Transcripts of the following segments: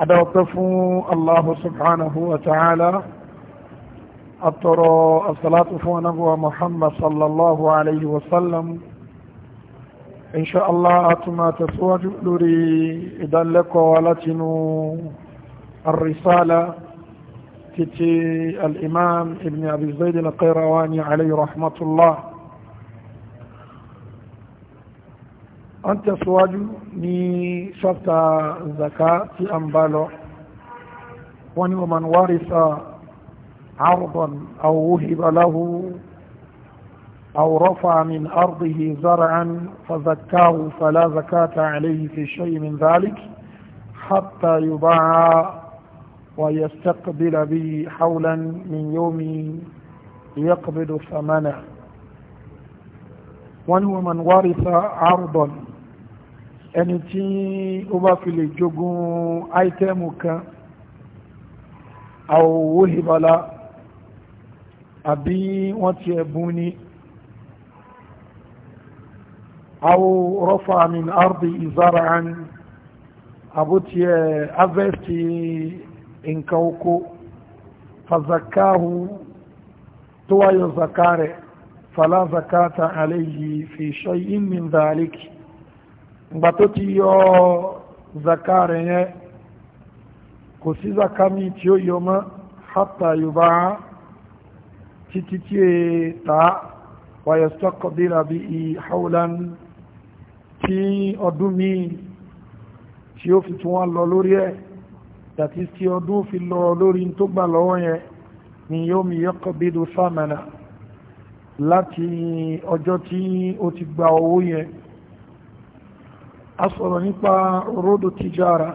أدوقف الله سبحانه وتعالى أطر الصلاة فو فونبو محمد صلى الله عليه وسلم إن شاء الله أتما تسوى جؤلري إذا لك ولتنو الرسالة تتي الإمام ابن أبي زيد القيرواني عليه رحمة الله أنت ń tẹ̀síwájú ní ṣọ́pta zaka tí a ń bá lọ wọ́n ni wọ́n عرضا أو وهب له أو رفع من أرضه زرعا فزكاه فلا زكاة عليه في شيء من ذلك حتى يباع ويستقبل به حولا من يوم يقبض ثمنه ومن ورث عرضا ẹni tí ó bá fi lè jogún áítẹ́mù kan àwòwò ìbálá àbí wọ́n ti ẹ̀bùn ni àwò rọ́fà min ardi ìzára ẹni àbótí ẹ̀ avẹ́sì nǹkan oko fazakahu tó wáyọ̀ zakare fala zakata alayhi fi shay'in min dhaliki ìgbà tó ti yọ zaka rẹ̀ yẹn kò sí zaka mi tí ó yọ mọ́ hátà yorùbá títí tí e ta wàyẹ̀sọ́kọ̀dìlà bí i haulan tí ọdún mi tí ó fi tún wá lọ lórí ẹ̀ tàbí tí ọdún fi lọ lórí tó gbà lọ́wọ́ yẹn ni yóò mi yọ́kọ̀ bí i do sámẹ́nà láti ọjọ́ tí ó ti gba owó yẹn a sọ̀rọ̀ nípa rodo tijara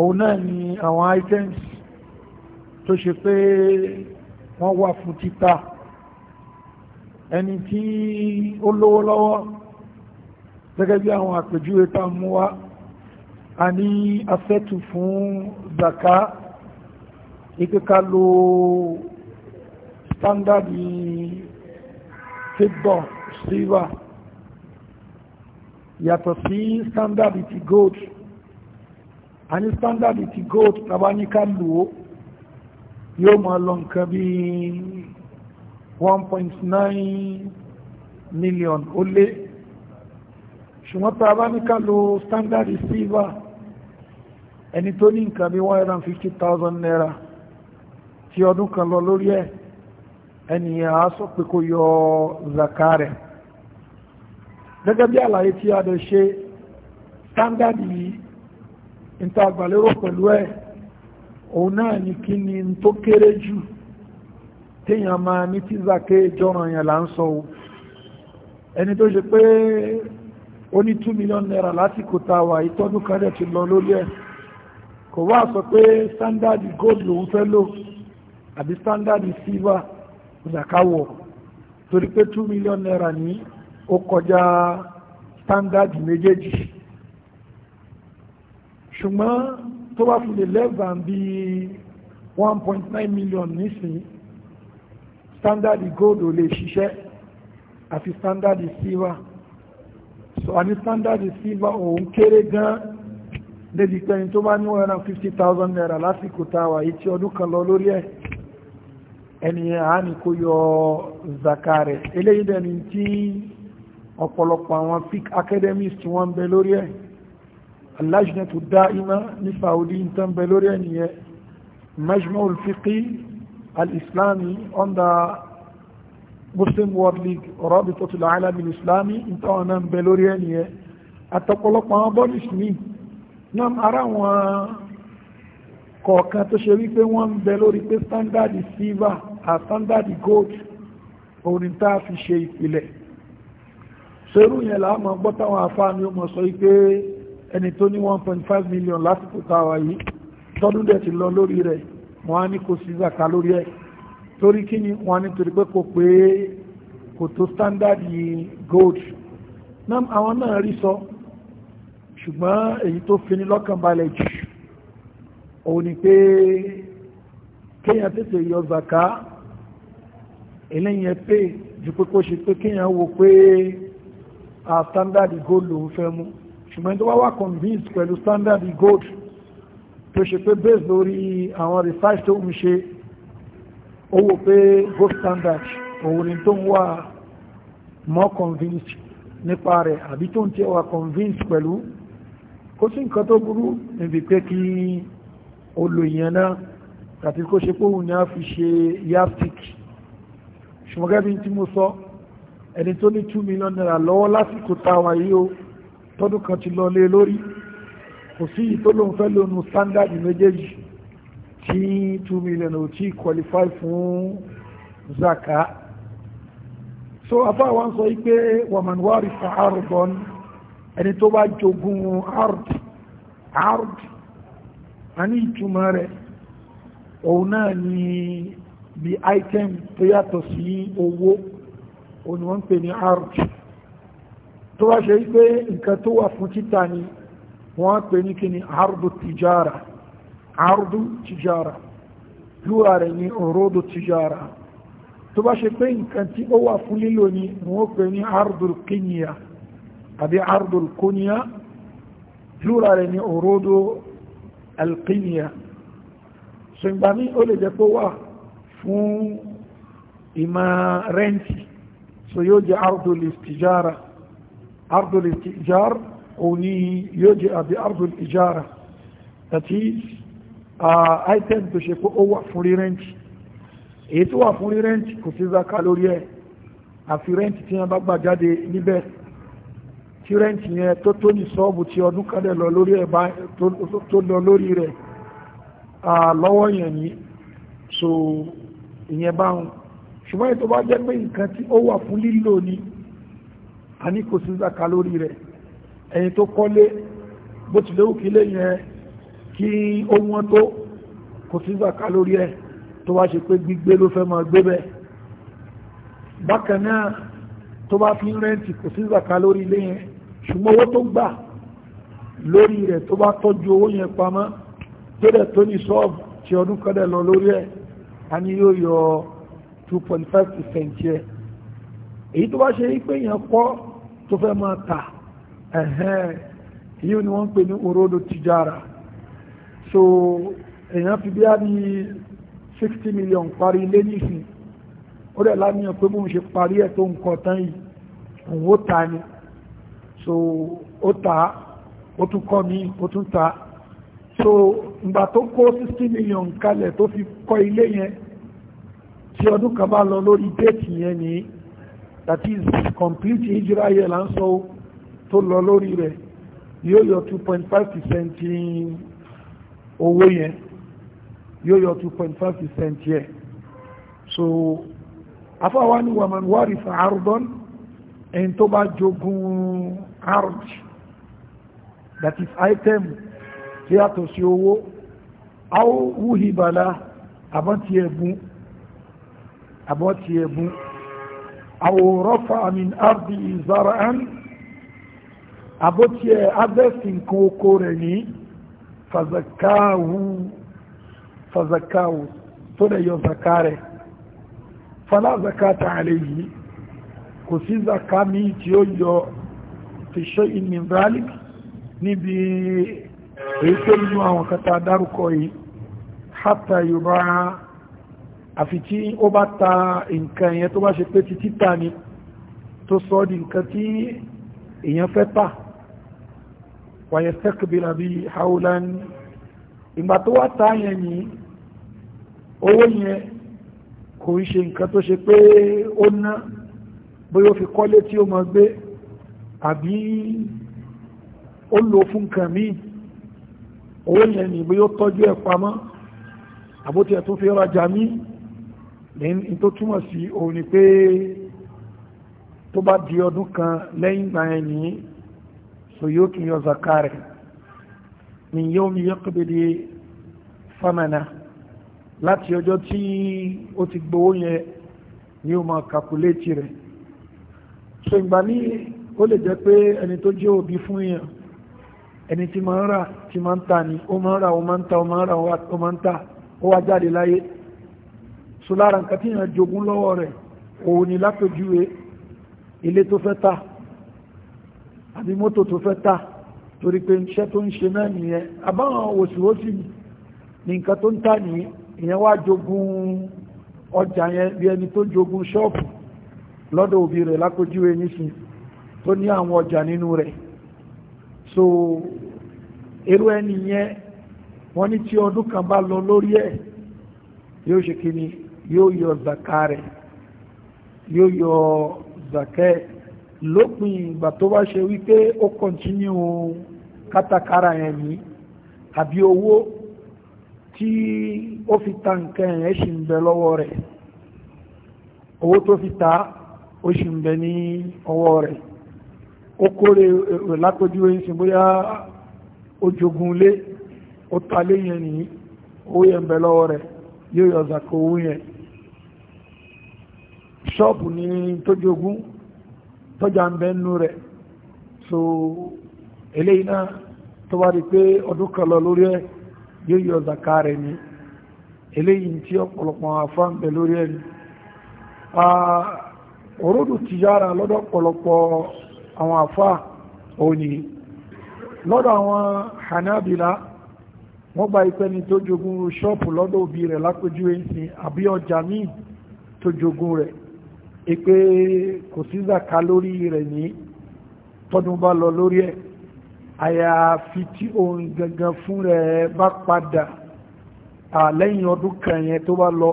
òun náà ni àwọn items tó ṣe pé wọ́n wà fún títà ẹni tí ó lówó lọ́wọ́ gẹ́gẹ́ bí àwọn àpèjúwe tá mú wá a ní afẹ́tù fún zaka ìkẹ́kà lo standard fitball silver yàtọ̀ sí standard ti gold a ní standard ti gold tàbá ní ká lò ó yóò máa lọ nǹkan bí 1.9 million ó lé ṣùgbọ́n tàbá ní ká lò standard silver ẹni tó ní nǹkan bí 150,000 naira tí ọdún kan lọ lórí ẹ̀ ẹni àá pé kó yọ zakare gẹ́gẹ́ bí àlàyé tí a dẹ̀ ṣe standard yìí níta àgbàlérò pẹ̀lú ẹ̀ òun náà ni kí ni tó kéré jù téèyàn máa ní tízàké jọ́ràn yẹn là ẹni tó ṣe pé ó ní 2 million naira lásìkò tá a wà ìtọ́dún kan dẹ̀ ti lọ lórí ẹ̀ kò wá sọ pé standard gold lòun fẹ́ lò àbí standard silver ìdàkáwọ̀ torí pé 2 million naira ní ó kọjá sítándàdì méjèèjì ṣùgbọ́n tó bá fi lè lẹ́gbàá bí one point nine million nísìnyí sítándàdì gold ò lè ṣiṣẹ́ àfi sítándàdì silver so a ní silver òun kéré gan-an débi pé tó bá ní 150,000 naira lásìkò tàwà yìí tí ọdún kan lọ lórí ẹ̀ ẹni àání kó yọ zaka eléyìí dẹni tí ọ̀pọ̀lọpọ̀ àwọn fiqh academies tí wọ́n ń bẹ lórí ẹ̀ alájìnàtò dáìmá ní Saudi ń tán bẹ lórí ẹ̀ nìyẹn majma'ul fiqhi al-islami under muslim world league rabitatul alam al-islami ń tán ọ̀nà ń bẹ lórí ẹ̀ nìyẹn àtọ̀pọ̀lọpọ̀ àwọn bodies ní sẹ́rù yẹn láàmọ́ gbọ́tàwọn àfáà ni ó mọ̀ sọ wípé ẹni tó ní 1.5 million lásìkò táwa yìí tọ́dún dẹ̀ ti lọ lórí rẹ̀ wọ́n á ní kò sí zaka lórí ẹ̀ torí kí ni wọ́n á ní torí pé kò pé kò tó standard yìí gold náà àwọn náà rí sọ ṣùgbọ́n èyí tó fini lọ́kàn balẹ̀ jù òun ni pé kéèyàn tètè yọ zaka eléyìí ẹ pé ju pé kó ṣe pé kéèyàn wò pé. A standard gold lòun fẹ́ mú ṣùgbọ́n tó wá wá convince pẹ̀lú standard gold tó ṣe pé based lórí àwọn research tó ń ṣe ó wò pé gold standard òun ni tó ń wà more convinced nípa rẹ̀ àbí tó ń tiẹ̀ wà convinced pẹ̀lú kó sí nǹkan tó burú níbi pé kí olóyìn náà àti kó ṣe pé òun ni a fi ṣe yardstick ṣùgbọ́n gẹ́gẹ́ bí tí mo sọ so, ẹni tó ní two million naira lọ́wọ́ lásìkò táwa yìí o tọ́dún kan ti lọ lé e lórí kò sí yìí fẹ́ lónú standard méjèèjì tí two million ò tí qualify fún zaka so afa wa ń sọ yìí pé wàmán wàrí fa arúgbọ́n ẹni tó bá jogún ard ard a ní ìtumọ̀ rẹ̀ òun náà ni bí item tó yàtọ̀ sí owó òní wọ́n ń pè ní arj tó wá ṣe wípé nǹkan tó wà fún títà ni wọ́n pè ní kí ni ardu tijara ardu tijara lúwà rẹ̀ ní orodo tijara tó bá ṣe pé nǹkan tí ó wà fún lílò ni wọ́n pè ní ardu kíníyà àbí ardu kúníyà lúwà rẹ̀ ní orodo alkíníyà ṣùgbọ́n ní ó lè jẹ́ pé wà fún ìmọ̀ rẹ́ǹtì so yóò jẹ́ ardul istijara ardul istijar òun ni yóò jẹ́ àbí ardul ijara that is uh, item tó ṣe pé ó wà fún rírẹ́ǹtì èyí tó wà fún rírẹ́ǹtì kò sí zaka lórí ẹ̀ àfi rẹ́ǹtì tí wọ́n bá gbà jáde níbẹ̀ tí rẹ́ǹtì yẹn tó tó ní sọ́ọ̀bù tí ọdún kadẹ̀ lọ lórí ẹ̀ bá tó lọ lórí rẹ̀ lọ́wọ́ yẹn ni so ìyẹn báwọn ṣùgbọ́n ètò bá jẹ́ pé nǹkan tí ó wà fún lílò ni a ní kò sí zaka lórí rẹ̀ ẹni tó kọ́lé bó ti léwu kí lẹ́yìn ẹ kí ó wọ́n tó kò sí zaka lórí ẹ tó bá ṣe pé gbígbé ló fẹ́ máa gbé bẹ́ẹ̀ bákan náà tó bá fi ń rẹ́ǹtì kò sí zaka lórí ilé yẹn ṣùgbọ́n owó tó gbà lórí rẹ̀ tó bá tọ́jú owó yẹn pamọ́ tó dẹ̀ tó ní sọ́ọ̀bù tí ọdún kan lọ lórí ẹ̀ a ní yóò yọ ọ́ two point five percent yẹ èyí tó bá ṣe yí pé èèyàn kọ́ tó fẹ́ máa tà ẹ̀hẹ́n èyí ni wọ́n ń pè ní orodo tijara so èèyàn fi bí á ní sixty million parí ilé nísìn ó dẹ̀ láníyàn pé bóun ṣe parí ẹ̀ tó nǹkan tán yìí òun ó ta ni so ó ta ó tún kọ́ mi ó tún ta so ìgbà tó kó sixty million kalẹ̀ tó fi kọ́ ilé yẹn tí ọdún kan bá lọ lórí déètì yẹn ni that is complete hijra yẹn là ń sọ tó lọ lórí rẹ̀ yóò yọ two percent owó yẹn yóò yọ two point percent yẹn so afáwa ni wàmán wárí fún arúgbọ́n ẹni tó bá jogun arj that is item tí yàtọ̀ sí owó awúhìbàlá àbọ̀ntì ẹ̀bùn àbọ́tí ẹ̀bùn àwòrọ́fà min ardi zara'an àbọ́tí ẹ̀ abẹ́sì nǹkan oko rẹ̀ ní fàzakáwù fàzakáwù tó lè yọ zaka rẹ̀ fala zakata alayhi kò sí zaka mi tí ó yọ fi shay'in min dhalik níbi èyí tó nínú àwọn kata dárúkọ yìí hatta yóò àfi tí ó bá ta nǹkan yẹn tó bá ṣe pé ti títà ni tó sọ di nǹkan tí èèyàn fẹ́ tà wàyẹ̀ sẹ́kìbìlà bí haulan ìgbà tó wá ta yẹn ni owó yẹn kò ń ṣe nǹkan tó ṣe pé ó ná bóyá ó fi kọ́lé tí ó mọ gbé àbí ó lò fún nǹkan míì owó yẹn ni bóyá ó tọ́jú ẹ̀ pamọ́ àbótiẹ̀ tó fi rajà míì lẹ́yìn tó túmọ̀ sí òun ni pé tó bá di ọdún kan lẹ́yìn ìgbà yẹn ní so yóò tún yọ zaka rẹ̀ ní yóò mi yẹ́kọ̀ dédé fámẹ́nà láti ọjọ́ tí ó ti gbowó yẹn ni ó máa kàkúlétì rẹ̀ so ìgbà ní ó lè jẹ́ pé ẹni tó jẹ́ òbí fún yẹn ẹni tí máa ń rà tí máa ń ta ni ó máa ń rà ó máa ń ta ó máa ń rà ó wá jáde láyé so lára nǹkan tí yàn jogún lọ́wọ́ rẹ̀ òun ni lápẹjúwe ilé tó fẹ́ ta àbí mọ́tò tó fẹ́ ta torí pé iṣẹ́ tó ń ṣe náà nìyẹn àbáwọn òsìwòsì ní nǹkan tó ń tà ní ìyẹn wá jogún ọjà yẹn bí ẹni tó jogún ṣọ́ọ̀bù lọ́dọ̀ òbí rẹ̀ lápẹjúwe nísìn tó ní àwọn ọjà nínú rẹ̀ so irú ẹni yẹn wọ́n ní tí ọdún kan bá lọ lórí ẹ̀ yóò ṣe kí ni yóò yọ zaka rẹ̀ yóò yọ zakẹ́ lópin ìgbà tó bá ṣe wípé ó kọ̀ntínú kátàkárà yẹn ní àbí owó tí ó fi ta nǹkan yẹn ṣì ń bẹ lọ́wọ́ rẹ̀ owó tó fi ta ó ṣì ń bẹ ní ọwọ́ rẹ̀ ó kórè lápójú ẹ̀sìn bóyá ó jogun lé ó ta lé yẹn nìyí owó yẹn ń bẹ lọ́wọ́ rẹ̀ yóò yọ zaka owó yẹn ṣọ́ọ̀bù ní tójógún tọ́jà ń bẹ́ nú so eléyìí náà tó wá rí pé ọdún kan lọ ni tí ọ̀pọ̀lọpọ̀ afá ń bẹ lórí ni òródù tìjára lọ́dọ̀ ọ̀pọ̀lọpọ̀ àwọn afá òní lọ́dọ̀ àwọn hanabila wọ́n ṣọ́ọ̀pù lọ́dọ̀ òbí rẹ̀ ìpé kò sí zaka lórí rẹ̀ ní tọdún bá lọ lórí ẹ̀ àyàfi tí òun gangan fún rẹ̀ bá padà lẹ́yìn ọdún kan tó bá lọ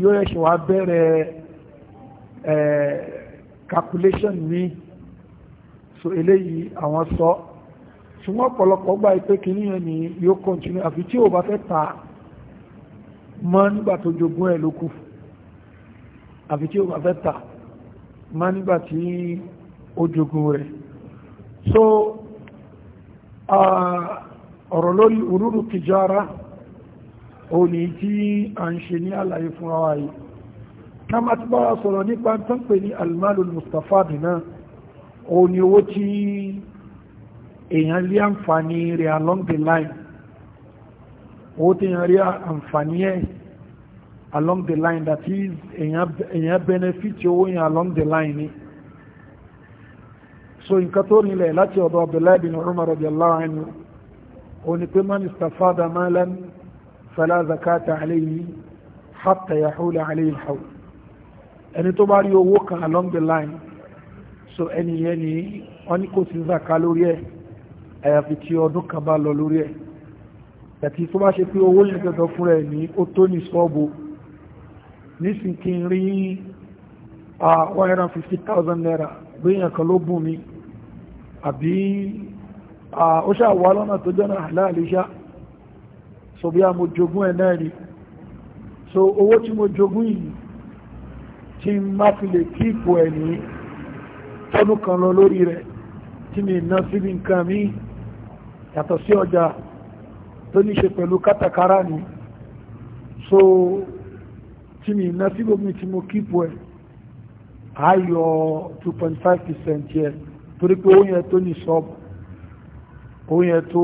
yóò ẹ̀ṣẹ̀ wá bẹ̀rẹ̀ calculation mi so eléyìí àwọn sọ ṣùgbọ́n ọ̀pọ̀lọpọ̀ gbà ìpé kìíní yẹn ni yóò continue àfi tí ò bá fẹ́ ta mọ́ nígbà tó jogún ẹ̀ lókùn àfi tí ó bá fẹ́ tà má nígbà tí ó jogun rẹ̀ so ọ̀rọ̀ lórí òrùrù tìjára ò ní tí a ń ṣe ní àlàyé fún ara yìí ká má ti bára sọ̀rọ̀ nípa tán pè ní almalul mustafad náà ò ní owó tí èèyàn lé àǹfààní rẹ̀ along the line owó tí èèyàn rí àǹfààní ẹ̀ along the line that is èèyàn benefit you yẹn along the line so in tó nílẹ̀ láti ọ̀dọ̀ Abdullahi bin Umar radiyallahu anhu ó ní pé man istafada malan fala zakata alayhi hatta yahula alayhi al-hawl ẹni tó bá rí kan along the line so ẹni yẹn oni wọ́n ní kò sí zaka lórí ẹ̀ àyàfi tí ọdún kan bá lọ lórí ẹ̀ àti tó bá ṣe pé owó yẹn gẹ́gẹ́ fún ẹ̀ ní ó tó ní sọ́ọ̀bù nísìn kí n rí one hundred fifty thousand naira gbéyàn kan ló bùn mi àbí ó ṣàwọ́ lọ́nà tó jọ́nà àláàlẹ́ṣà so bí a mo jogún ẹ̀ náà rí so owó tí mo jogún yìí tí má fi lè kíìpù ẹ̀ ní tọ́dún kan lọ lórí rẹ̀ tí mi ná síbi nǹkan mi yàtọ̀ sí ọjà tó ní ṣe pẹ̀lú kátàkárà ni so tí mi ná sí gbogbo tí mo kípo ẹ̀ á yọ 2.5% yẹ torí pé ó yẹ tó ní sọ́ọ̀bù ó yẹ tó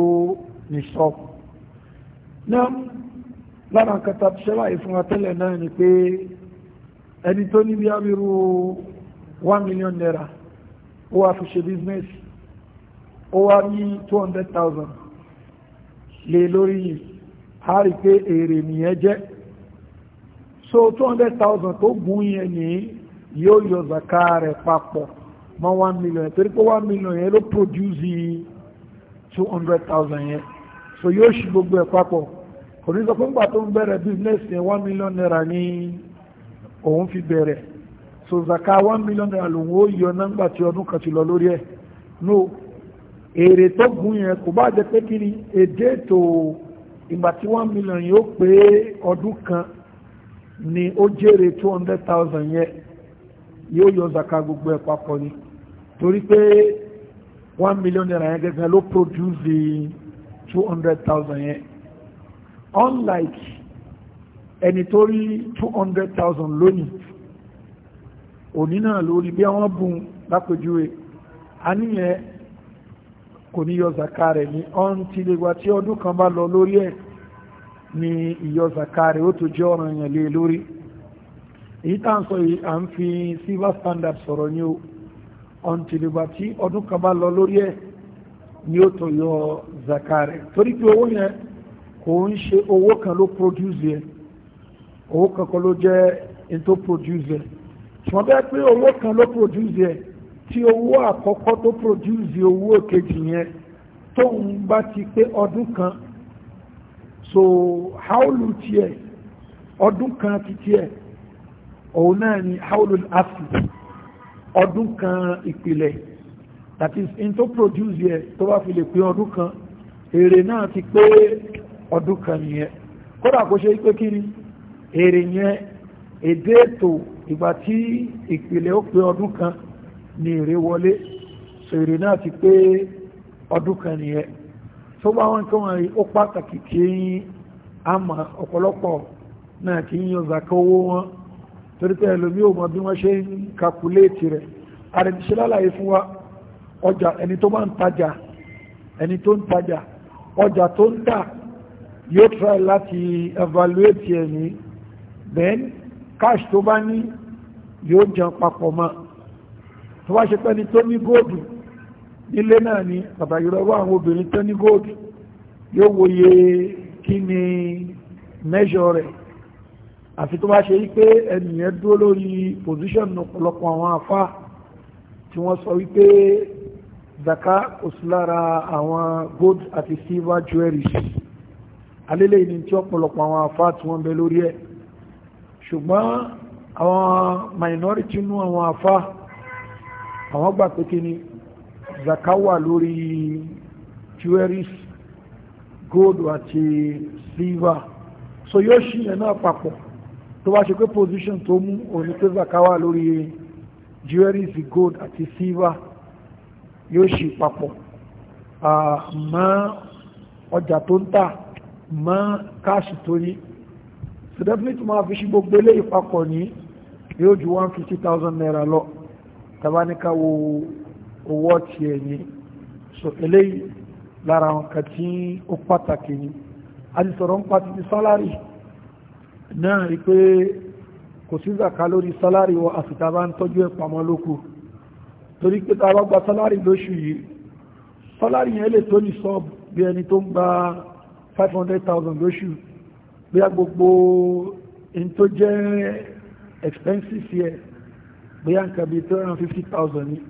ní sọ́ọ̀bù náà lára nǹkan tàbí ṣẹlá ìfún atẹ́lẹ̀ náà ni pé ẹni tó ní bí á bí million naira ó wá fi ṣe business ó wá ní 200,000 lè lórí yìí a rí pé èrè nìyẹn jẹ́ so two hundred thousand tó gùn yẹn ní yóò yọ zaka rẹ̀ papọ̀ mọ́ one million torí pé one million yẹn ló produce two hundred thousand yẹn so yóò ṣì gbogbo ẹ̀ papọ̀ kò ní sọ tó ń bẹ̀rẹ̀ business yẹn one million naira ní òun fi bẹ̀rẹ̀ so zaka one million naira lòun ó yọ nígbà tí ọdún kan ti lọ lórí ẹ̀ no èrè tó gùn yẹn kò bá jẹ pé kí ni èdè tó ìgbà tí one million yóò pé ọdún kan ni ó jèrè two hundred thousand yẹn yóò yọ zaka gbogbo ẹ̀ papọ̀ ni torí pé one million naira yẹn gẹ́gẹ́ ló produce two hundred thousand yẹn unlike ẹni tó rí two hundred thousand lónìí òní náà lórí bí wọ́n bùn lápèjúwe àníyẹn kò ní yọ zaka rẹ̀ ní ọ̀n tilẹ̀gbà tí ọdún kan bá lọ lórí ẹ̀ ni ìyọ zakari ó tó jẹ́ ọ̀ràn yẹn lé lórí èyí tá à ń sọ yìí à ń fi silver standard sọ̀rọ̀ ni o until ìgbà tí ọdún kan bá lọ lórí ẹ̀ ni ó tó yọ zakari torí pé owó yẹn kò ń ṣe owó kan ló produce yẹn owó kan kan ló jẹ́ n tó produce yẹn ṣùgbọ́n bẹ́ẹ̀ pé owó kan ló produce yẹn tí owó àkọ́kọ́ tó produce owó kejì yẹn tóun bá ti pé ọdún kan so haulu tiẹ̀ ọdún kan ti tiẹ̀ òun náà ni haulu afi ọdún kan ìpìlẹ̀ that is in to produce yẹ tó bá fi lè pé ọdún kan èrè náà ti pé ọdún kan nìyẹn kódà kó ṣe pé kí ni èrè yẹn èdè ètò ìgbà tí ìpìlẹ̀ ó pé ọdún kan ni èrè wọlé so èrè náà ti pé ọdún kan nìyẹn tó bá wọn kí wọ́n rí ó pàtàkì kí àmà ọ̀pọ̀lọpọ̀ náà kí ń yọ̀zà kí owó wọn torí pé ẹlòmí ò mọ bí wọ́n ṣe ń kakuléètì rẹ̀ àrẹ̀díṣẹ́ lálàyé fún wa ọjà ẹni tó máa ń tajà ẹni tó ń tajà ọjà tó ń tà yóò try láti evaluate ẹni then cash tó bá ní yóò jẹun papọ̀ mọ́ tó bá ṣe pẹ́ni tó ní góòdù nílé náà ni pàtàkì lọ́wọ́ àwọn obìnrin tó ní gold yóò wòye kí ni mẹ́ṣọ́ rẹ̀ àfi tó bá ṣe wípé ẹnìyẹn dúró lórí position ọ̀pọ̀lọpọ̀ àwọn afá tí wọ́n sọ wípé zaka kò sí lára àwọn gold àti silver jewelries alélẹ̀ ìní tí ọ̀pọ̀lọpọ̀ àwọn afá tí wọ́n bẹ lórí ẹ̀ ṣùgbọ́n àwọn minority nú àwọn afá àwọn gbà pé kí ni Zakawa wà lórí jewelries gold àti silver so yóò ṣí yẹn náà papọ̀ tó bá ṣe pé position tó mú òní pé zaka wà lórí jewelries gold àti silver yóò ṣí papọ̀ àmọ́ ọjà tó ń tà mọ́ káàṣì tó ní so definitely máa fi ṣí gbogbo eléyìí papọ̀ ní yóò ju one fifty thousand naira lọ tabaníkà wo owó tiẹ̀ ni so eléyìí lára àwọn kan tí ó pàtàkì ni a ti sọ̀rọ̀ ń pa títí sálárì náà rí pé kò sí zàká lórí sálárì wa àsìkà bá ń tọ́jú ẹ̀ pamọ́ lóko torí pé tá a bá gba sálárì lóṣù yìí sálárì yẹn lè tó ní sọ́ọ̀bù bí ẹni tó ń gba 500,000 lóṣù bí a gbogbo in tó jẹ́ expenses yẹ bí a ń kàbí 350,000 ní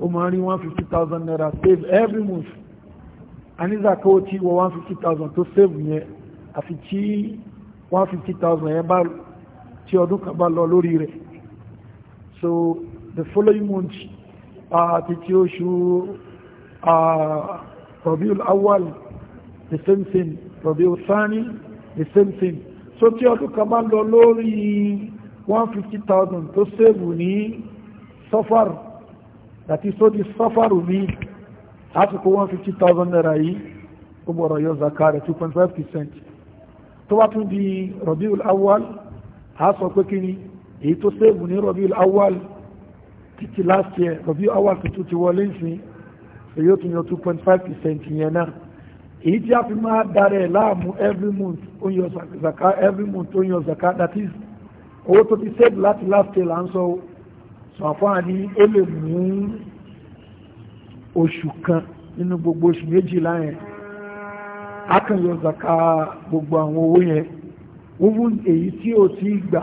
ó máa rí 150,000 naira save every month anizaka ó ti wọ 150,000 tó save yẹn àfi tí 150,000 yẹn bá tí ọdún kan bá lọ lórí rẹ̀ so the following month àti tí oṣù Rabiul Awwal the same thing Rabiul Thani the same thing so tí ọdún kan bá lọ lórí 150,000 tó save ní safar that is so the safaru mi àsìkò one fifty thousand naira yìí ó gbọ́dọ̀ yọ zaka rẹ̀ two point five percent tó bá tún di Rabiul Awwal a sọ pé kí ni èyí tó sèbù ní Rabiul Awwal títí last year Rabiul Awwal tuntun ti wọlé nsìn èyí ó tún yọ two point five percent yẹn náà èyí tí a fi máa darẹ̀ láàmú every month ó yọ zaka every month that is owó tó ti sèbù láti last year là ń sọ sọ̀fáà ni ó lè mú oṣù kan nínú gbogbo oṣù méjìlá yẹn akànyọ zaka gbogbo àwọn owó yẹn even èyí tí ò tí gbà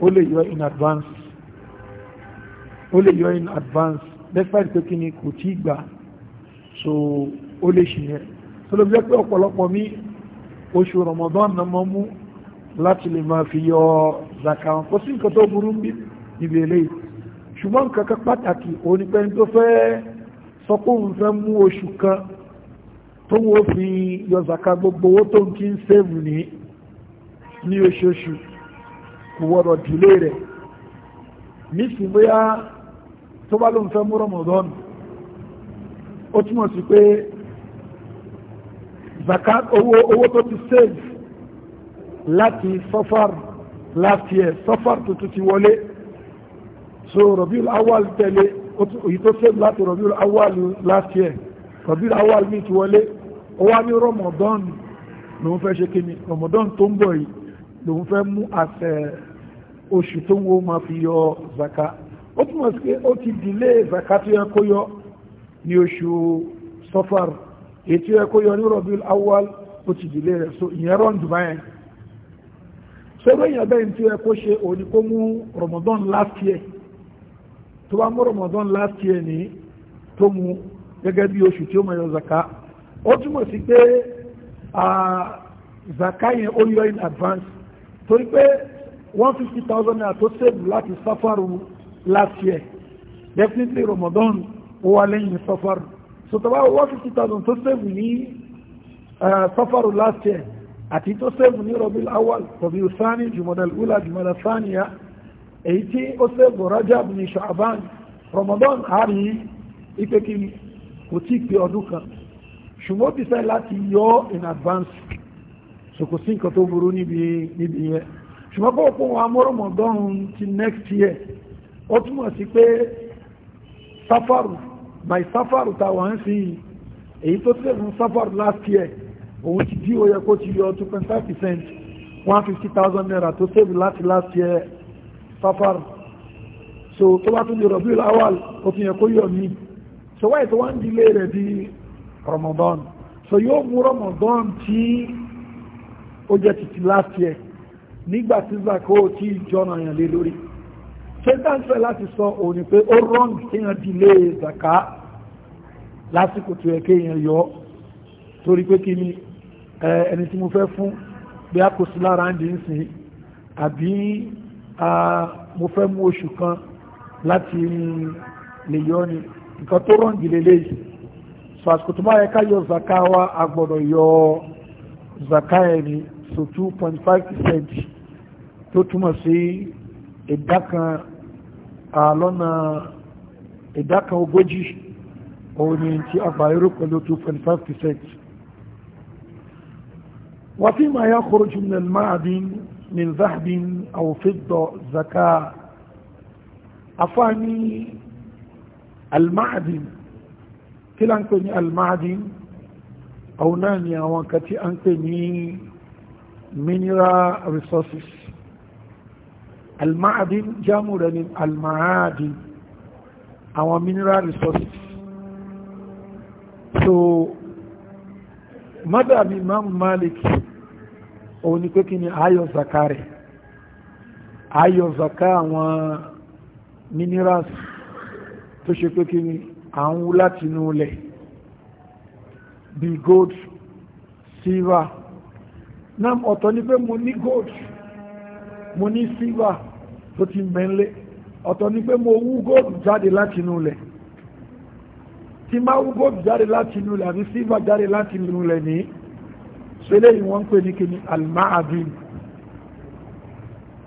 ó lè yọ in advance ó lè yọ in advance despite pé kí ni kò tí gbà so ó lè ṣe yẹn tó ló jẹ́ pé ọ̀pọ̀lọpọ̀ mi oṣù Ramadan na mọ́ mú láti lè máa fi yọ zaka wọn kò sí nǹkan tó burú níbi eléyìí ṣùgbọ́n kankan pàtàkì onípẹ́ni tó fẹ́ sọ pé òun fẹ́ mú oṣù kan tó wọ́n fi yọ zaka gbogbo owó tó ń kí ń sèvù ní ní oṣooṣù kò wọ́rọ̀ dìlé rẹ̀ nísìn bóyá tó bá ló fẹ́ mú Ramadan ó túmọ̀ sí pé owó tó ti sèvù láti sọ́fàr láti ẹ̀ sọ́fàr tuntun ti wọlé so Rabiul awal tẹ̀lé èyí tó save láti Rabiul Awwal last year Rabiul Awwal mi ti wọlé ó wá ní Ramadan lòun fẹ́ ṣe kíni Ramadan tó ń bọ̀ yìí lòun fẹ́ mú àṣẹ oṣù tó ń wo máa fi yọ zaka ó túmọ̀ sí pé ó ti dìlé zaka tó yẹ kó yọ ní oṣù Safar èyí tó yẹ kó yọ ní Rabiul Awwal ó ti dìlé rẹ̀ so ìyẹn rọ̀ ń dùn báyẹn sọ́rọ̀ èèyàn bẹ́ẹ̀ tí ẹ kó ṣe òní kó mú Ramadan last year tó bá mú Ramadan last year ní tó mú gẹ́gẹ́ bí oṣù tí ó máa yọ zaka ó túmọ̀ sí pé zaka yẹn ó yọ in advance torí pé one fifty thousand naira tó save láti safaru last year definitely Ramadan ó wá lẹ́yìn safaru so tó bá one fifty thousand tó save ní safaru last year àti tó save ní Rabiul Awwal Rabiul Thani Jumadal Ula Jumadal Thaniya èyí tí ó sẹ́gbọ̀ Rajab ní Sha'ban Ramadan àárí ipé kí ni kò tí pé ọdún kan ṣùgbọ́n ti sẹ́ láti yọ in advance so kò sí nǹkan tó burú níbi níbi yẹn ṣùgbọ́n kó fún wa mú Ramadan ti next year ó túmọ̀ sí pé safaru by safaru táwọn ń fi èyí tó sẹ́gun safaru last year òun ti dí ó yẹ kó ti yọ 2.5 percent 150,000 naira tó sẹ́gun láti last year safar so tó bá tún lè rọ̀bí láwàl ó fi yẹn kó yọ mí so wáyé tó wá ń dilé rẹ̀ di Ramadan so yóò mú Ramadan tí ó jẹ́ títí last year nígbà tí zako tí ìjọ́nà yàn lé lórí ṣé dáńfẹ́ láti sọ òní pé ó rọ́ǹ kéèyàn dilé zaka lásìkò tó yẹ kéèyàn yọ torí pé kí ni ẹni tí mo fẹ́ fún bí a kò sí lára ń di ń àbí mo fẹ́ mú oṣù kan láti lè yọ ni nǹkan tó rán jìlẹ̀ léyìí so àsìkò tó bá yẹ ká yọ zaka wa a yọ zaka ẹ̀ ni so 2.5 percent tó túmọ̀ sí ìdá kan lọ́nà ìdá kan ogójì òun ni tí àgbà eré pẹ̀lú two point five percent. وفيما يخرج من المعدن من ذهب أو فضة زكاة أفاني المعدن كلا أنكني المعدن أو ناني أو أنكتي أنكني mineral resources المعدن جامو رنين المعادن أو mineral resources so ماذا الإمام مالك òun ni pé kí ni ayọ̀ zaka rẹ̀ ayọ̀ zaka àwọn minerals tó ṣe pé kí ni à láti inú ilẹ̀ bíi gold silver náà ọ̀tọ̀ ni pé mo ní gold mo ní silver tó ti mẹ́lẹ̀ ọ̀tọ̀ ni pé mo wú gold jáde láti inú ilẹ̀ tí máa wú gold jáde láti inú ilẹ̀ àbí silver jáde láti inú ilẹ̀ nìyí sele yìí wọ́n pè ní kíni almaadun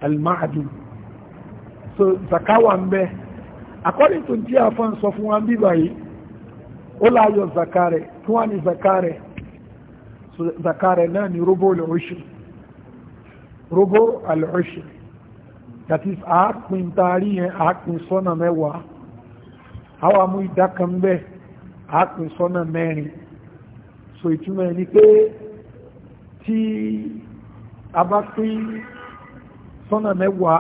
almaadun so zakawa ń bẹ according to ti afan sọ fún wa bíbá yìí ó láyọ zakare kí wọ́n ní zakare so zakare náà ni robo al-ushr robo al-ushr that is àápin taari yẹn àápin sọ́nà mẹ́wàá àwọn amú ìdá kan bẹ́ẹ̀ àápin sọ́nà mẹ́rin so ìtumọ̀ ẹni pé tí a bá pín sọ́nà mẹ́wàá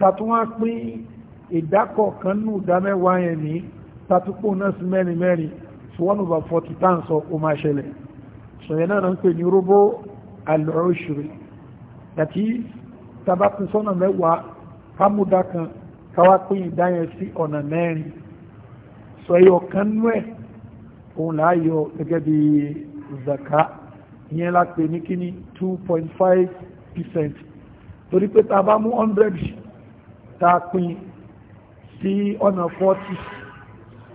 tàtúnwá pín ìdákọ̀ọ̀kan nù ìdá mẹ́wàá yẹn ní tàtúpò náà sí mẹ́rin mẹ́rin tí wọ́n bá fọ́tí tá ń sọ ó máa ṣẹlẹ̀ ṣọ̀yẹ̀ náà ń pè ní róbó alọ́ṣùrì àti tàbá pín sọ́nà mẹ́wàá kámúdá kan káwá pín ìdá yẹn sí ọ̀nà mẹ́rin sọ ẹyọ kan nú ẹ̀ òun láàyò gẹ́gẹ́ bí zaka ìyẹn la pè ní kíní 2.5% torí pé ta bá mú 100 ta pín sí ọ̀nà 40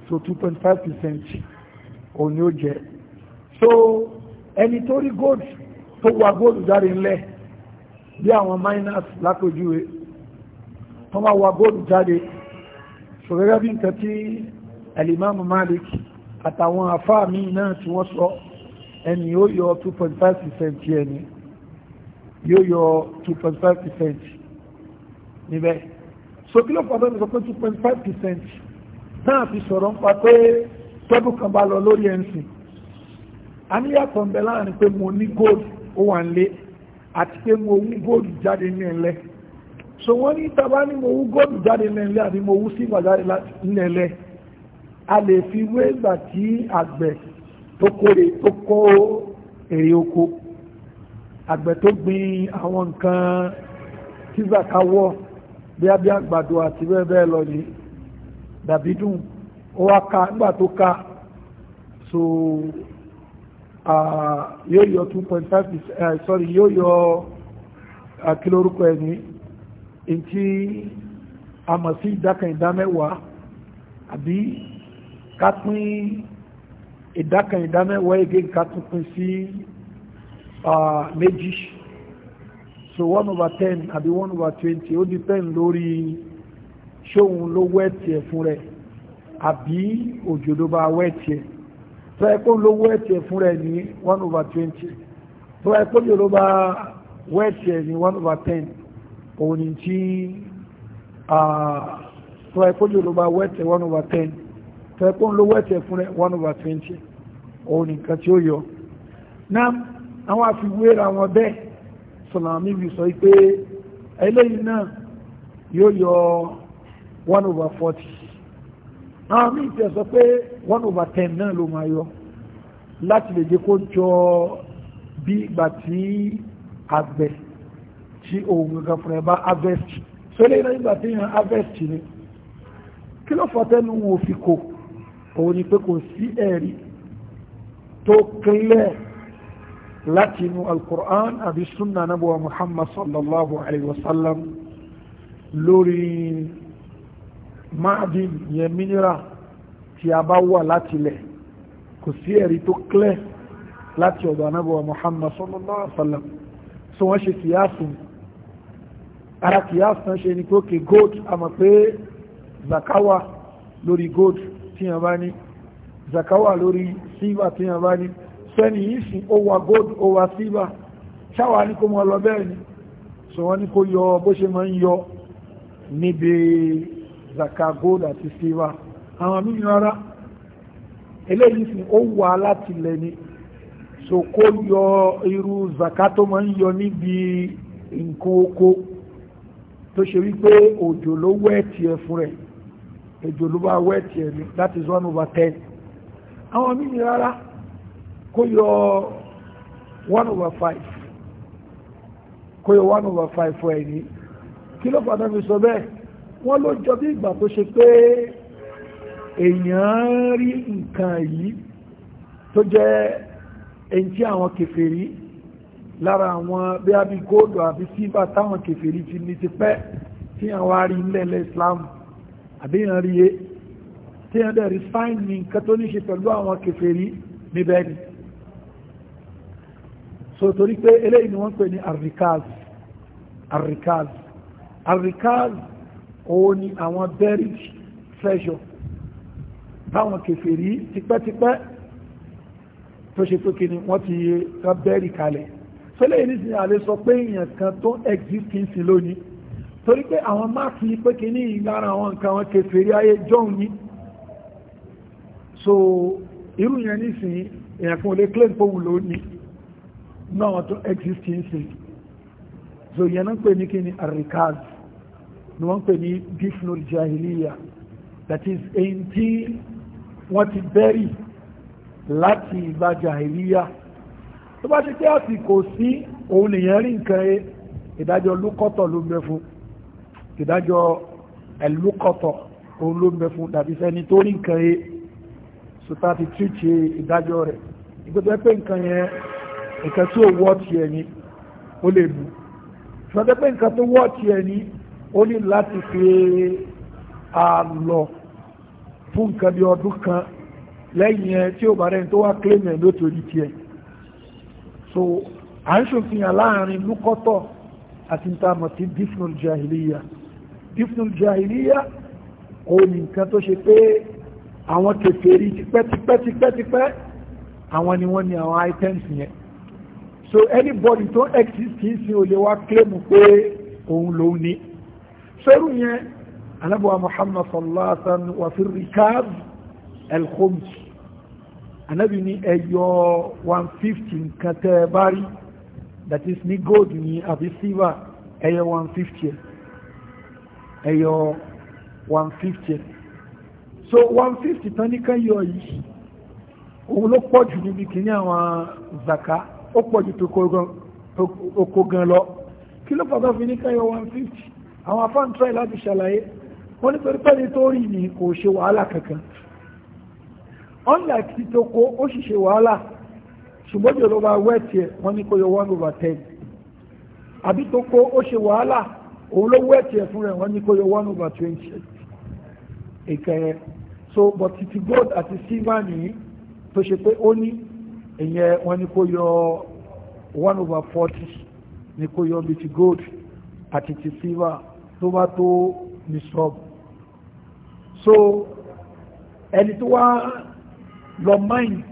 so 2.5% òun ni ó jẹ́ so ẹni tó rí gold tó wà gold jáde ńlẹ̀ bí àwọn miners lápòjúwe wọ́n máa wà gold jáde so gẹ́gẹ́ bí nǹkan tí alimami Malik àtàwọn àfáà míì náà tí wọ́n sọ so, ẹni yóò yọ 2.5 percent yẹn ni yóò yọ two percent níbẹ̀ so kí ló fà bẹ́ẹ̀ sọ pé two percent náà fi sọ̀rọ̀ nípa pé tẹ́bù kan bá lọ lórí ẹ̀ǹsìn àníyàtọ̀ ń bẹ láàrin pé mo ní gold ó wà ń lé àti pé mo wú gold jáde ní ẹ̀lẹ́ so wọ́n ní tàbá ní mo wú gold jáde ní ẹ̀lẹ́ àti mo wú sílvà jáde ní ẹ̀lẹ́ a lè fi wé ìgbà tí àgbẹ̀ tó kórè tó kó èrè oko àgbẹ̀ tó gbin àwọn nǹkan tí zaka wọ̀ bí abí àgbàdo àti bẹ́ẹ̀ bẹ́ẹ̀ lọ ní dàbídùn ó wá ka nígbà tó ka so yóò yọ 2.5 sorry yóò yọ kílórúkọ ẹ̀ ní in tí a mọ̀ sí ìdákan ìdámẹ́wàá àbí ká pín ìdákan ìdámẹ́wọ́ igi nǹkan tuntun sí méjì so one over ten àbí one over twenty ó depend lórí ṣóhun ló wẹ́ẹ̀tì ẹ̀ fún rẹ̀ àbí òjò ló bá wẹ́ẹ̀tì ẹ̀ tó ẹ ló wẹ́ẹ̀tì ẹ̀ fún rẹ̀ ní one over twenty tó ẹ kó ló bá wẹ́ẹ̀tì ẹ̀ ní one over ten òun ni tí tó ẹ kó ló bá wẹ́ẹ̀tì one over ten tó ẹ kó ló wẹ́ẹ̀tì ẹ̀ fún rẹ̀ one over twenty òun nìkan tí ó yọ náà àwọn àfiwéra wọn bẹ́ẹ̀ sọ̀làmí bí sọ pé eléyìí náà yóò yọ 1 over 40 àwọn míì tẹ̀ sọ pé 1 over 10 náà ló máa yọ láti lè jẹ́ kó jọ bí ìgbà tí àgbẹ̀ tí òun gangan fúnra bá harvest sọlẹ̀ ìrìn ìgbà tí yàn harvest ni kí ló fọ́tẹ́nu òfin kò òun ni pé kò sí ẹ̀rí tó kílẹ̀ láti inú alkur'an àbí sunna nabuwa muhammad sallallahu alaihi wasallam lórí máàdín yẹn mínira tí a bá wà láti lẹ̀ kò sí ẹ̀rí tó kílẹ̀ láti ọ̀dọ̀ anábọ̀wà muhammad sallallahu alaihi wasallam so wọ́n ṣe kìyàsùn ara kìyàsùn ṣe ní kókè gold a mọ̀ pé zakawa lórí gold tí wọ́n bá ní zakawa lórí sílva tí wọ́n bá ní sẹ́ni yìí sí ó wà gold ó wà sílva ṣáwà ní kó mọ́ lọ bẹ́ẹ̀ ni so wọ́n ní kó yọ bó ṣe máa ń yọ níbi zaka gold àti sílva àwọn mímu rárá eléyìí sí ó wà láti lẹ̀ ni so kó yọ irú zaka tó máa ń yọ níbi nǹkan oko tó ṣe wípé òjò ló wẹ́ẹ̀tì ẹ̀ fún rẹ̀ òjò ló bá wẹ́ẹ̀tì ẹ̀ ni that is one over ten àwọn mímí rárá kó yọ 1 over 5 kó yọ 1 over 5 fún ẹni kí ló fàdá mi sọ bẹ́ẹ̀ wọ́n ló jọ bí ìgbà tó ṣe pé èèyàn rí nǹkan yìí tó jẹ́ èyí tí àwọn kèfèrí lára àwọn bí a bí góòdù àbí síbà táwọn kèfèrí ti ní ti pẹ́ tí àwọn arí ilẹ̀ Islam àbíyàn rí e tí ẹ̀ dẹ̀rí sáìn ní nǹkan tó ní ṣe pẹ̀lú àwọn kèfèrí níbẹ̀ ni so torí pé eléyìí ni wọ́n pè ní arrikaz arrikaz arrikaz òun ni àwọn buried treasure táwọn kèfèrí tipẹ́tipẹ́ tó ṣe pé kìíní wọ́n ti ká bẹ́rì kalẹ̀ so eléyìí nísìnyí a sọ pé èèyàn kan tó exist kìí sí lónìí torí pé àwọn máàkì pé kìíní lára àwọn nǹkan àwọn kèfèrí ayé jọ́un ní so irú yẹn nísìnyí èyàn fún olè claim pohùn ló ní náà tó existence so yẹn náà ń pè ní kí ni arikaz ni wọ́n pè ní difnul jahiliya that is èyí tí wọ́n ti bẹ́rì láti ìgbà jahiliya tó bá ṣe pé àsìkò sí òun nìyẹn rí nǹkan ìdájọ́ lúkọ́tọ̀ ló ń bẹ fún ìdájọ́ ẹ̀lúkọ̀tọ̀ òun ló ń bẹ fún dàbí sẹ́ni tó rí nǹkan yìí sọta ti tíríkì ìdájọ́ rẹ̀ ìgbẹ́gbẹ́ pé nǹkan yẹn nǹkan tí ó wọ́ ti ẹni ó lè mú ṣùgbọ́n pé nǹkan tó wọ́ ti ẹni ó ní láti fi àlọ́ fún nǹkan bí ọdún kan lẹ́yìn ẹ tí ó bá rẹ̀ tó wá kílẹ̀mù ẹ̀ lótòrí tiẹ̀ so à ń ṣòfihàn láàrin lúkọ́tọ̀ àti ìtàmọ̀ sí difnul jahiliya difnul jahiliya òun nìkan tó ṣe pé àwọn kèfèrí tipẹ́tipẹ́tipẹ́ àwọn ni wọ́n ní àwọn items yẹn so anybody tó exist kì í sin olè wa claim pé òun lòun ni sẹ́rù yẹn anábọ̀wá muhammad sallallahu alaihi wa sallam wà fi rikaz elhoms anábì ní ẹyọ 150 nǹkan tẹ́ ẹ bá rí that is ní gold ní àbí silver ẹyọ fifty. ẹyọ fifty so one fifty tán ní kan yọ yìí òun ló pọ̀ jù níbi kìíní àwọn zaka ó pọ̀ jù oko gan lọ kí ló fàtà fi ní kan yọ one fifty àwọn afáǹtírà láti ṣàlàyé wọ́n ní torí pẹ́ẹ́lí tó rí ni kò ṣe wàhálà kankan unlike títoko ó sì ṣe wàhálà ṣùgbọ́n jòló bá wẹ́ẹ̀tì ẹ̀ wọ́n ní kó yọ one over ten àbí tó kó ó ṣe wàhálà òun ló wẹ́ẹ̀tì ẹ̀ fún rẹ̀ wọ́n ní kó yọ one over twenty ìkẹyẹ so but titi gold àti silver ní tó ṣe pé ó ní ìyẹn wọn ni kó yọ one over forty ni kó yọ bí ti gold àti ti silver tó bá tó ní sub so ẹni tó wá lọ mine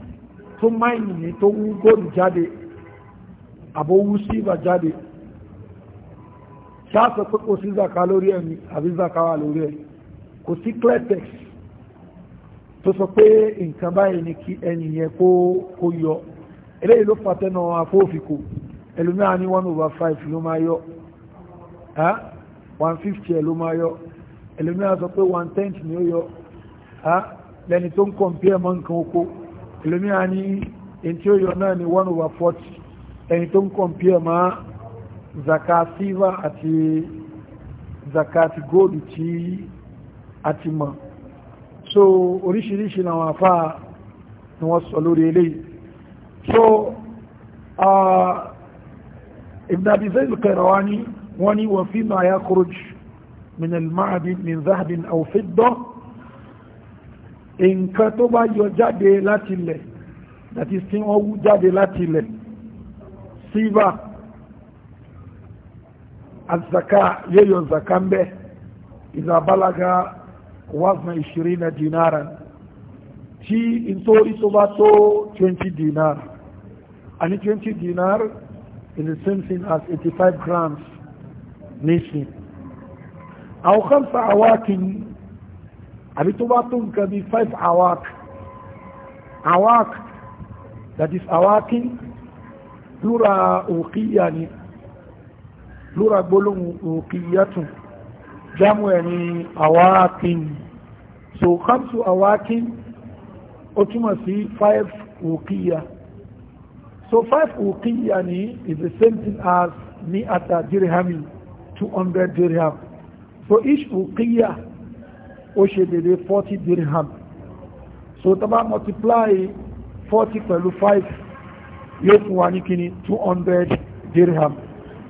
tó mine ní tó wú gold jáde àbó wú silver jáde ṣáàsọ pé kò sí zaka lórí ẹni àbí zaka wà lórí ẹni kò sí clear text tó sọ pé nǹkan báyìí ni kí ẹni yẹn kó yọ eléyìí ló fàtẹ́nà àfóòfikò ẹlòmíà ní one over five ló máa yọ one fifty ẹ̀ ló máa yọ ẹlòmíà sọ pé one tenth ni ó yọ lẹ́ni tó ń kọ̀m̀pìẹ̀ mọ́ nǹkan oko ẹlòmíà ní ẹni tí ó yọ náà ni one over forty ẹni tó ń kọ̀m̀pìẹ̀ mọ́ zaka silver àti zakati gold tí ti mọ̀ so oríṣiríṣi làwọn àfáà ni wọ́n sọ lórí eléyìí so uh, ibn abi zayd al-qayrawani wọ́n ní wọ́n fi ma yakhruj min al-ma'din min zahabin aw fidda nǹkan tó bá yọ jáde láti ilẹ̀ that is tí wọ́n wú jáde láti ilẹ̀ silver azaka yẹ́yọ zaka ń bẹ́ ìzàbálaga wazna ishirina dinaran tí nítorí tó bá tó twenty dinar àní twenty dinar is the same thing as eighty five grams nísìn àwọn khamsa awaki ni àbí tó bá tó nǹkan bí five awak awak that is awaki lura òkìyà ni lura gbólóhùn òkìyà jamu ẹ̀ ní awakin so khamsu awakin ó túmọ̀ sí five ukiya so five ukiya ni is the same thing as ní ata dirhami two hundred dirham so each ukiya ó ṣe dédé forty dirham so taba multiply forty pẹ̀lú five yóò fún wa ní kíni two hundred dirham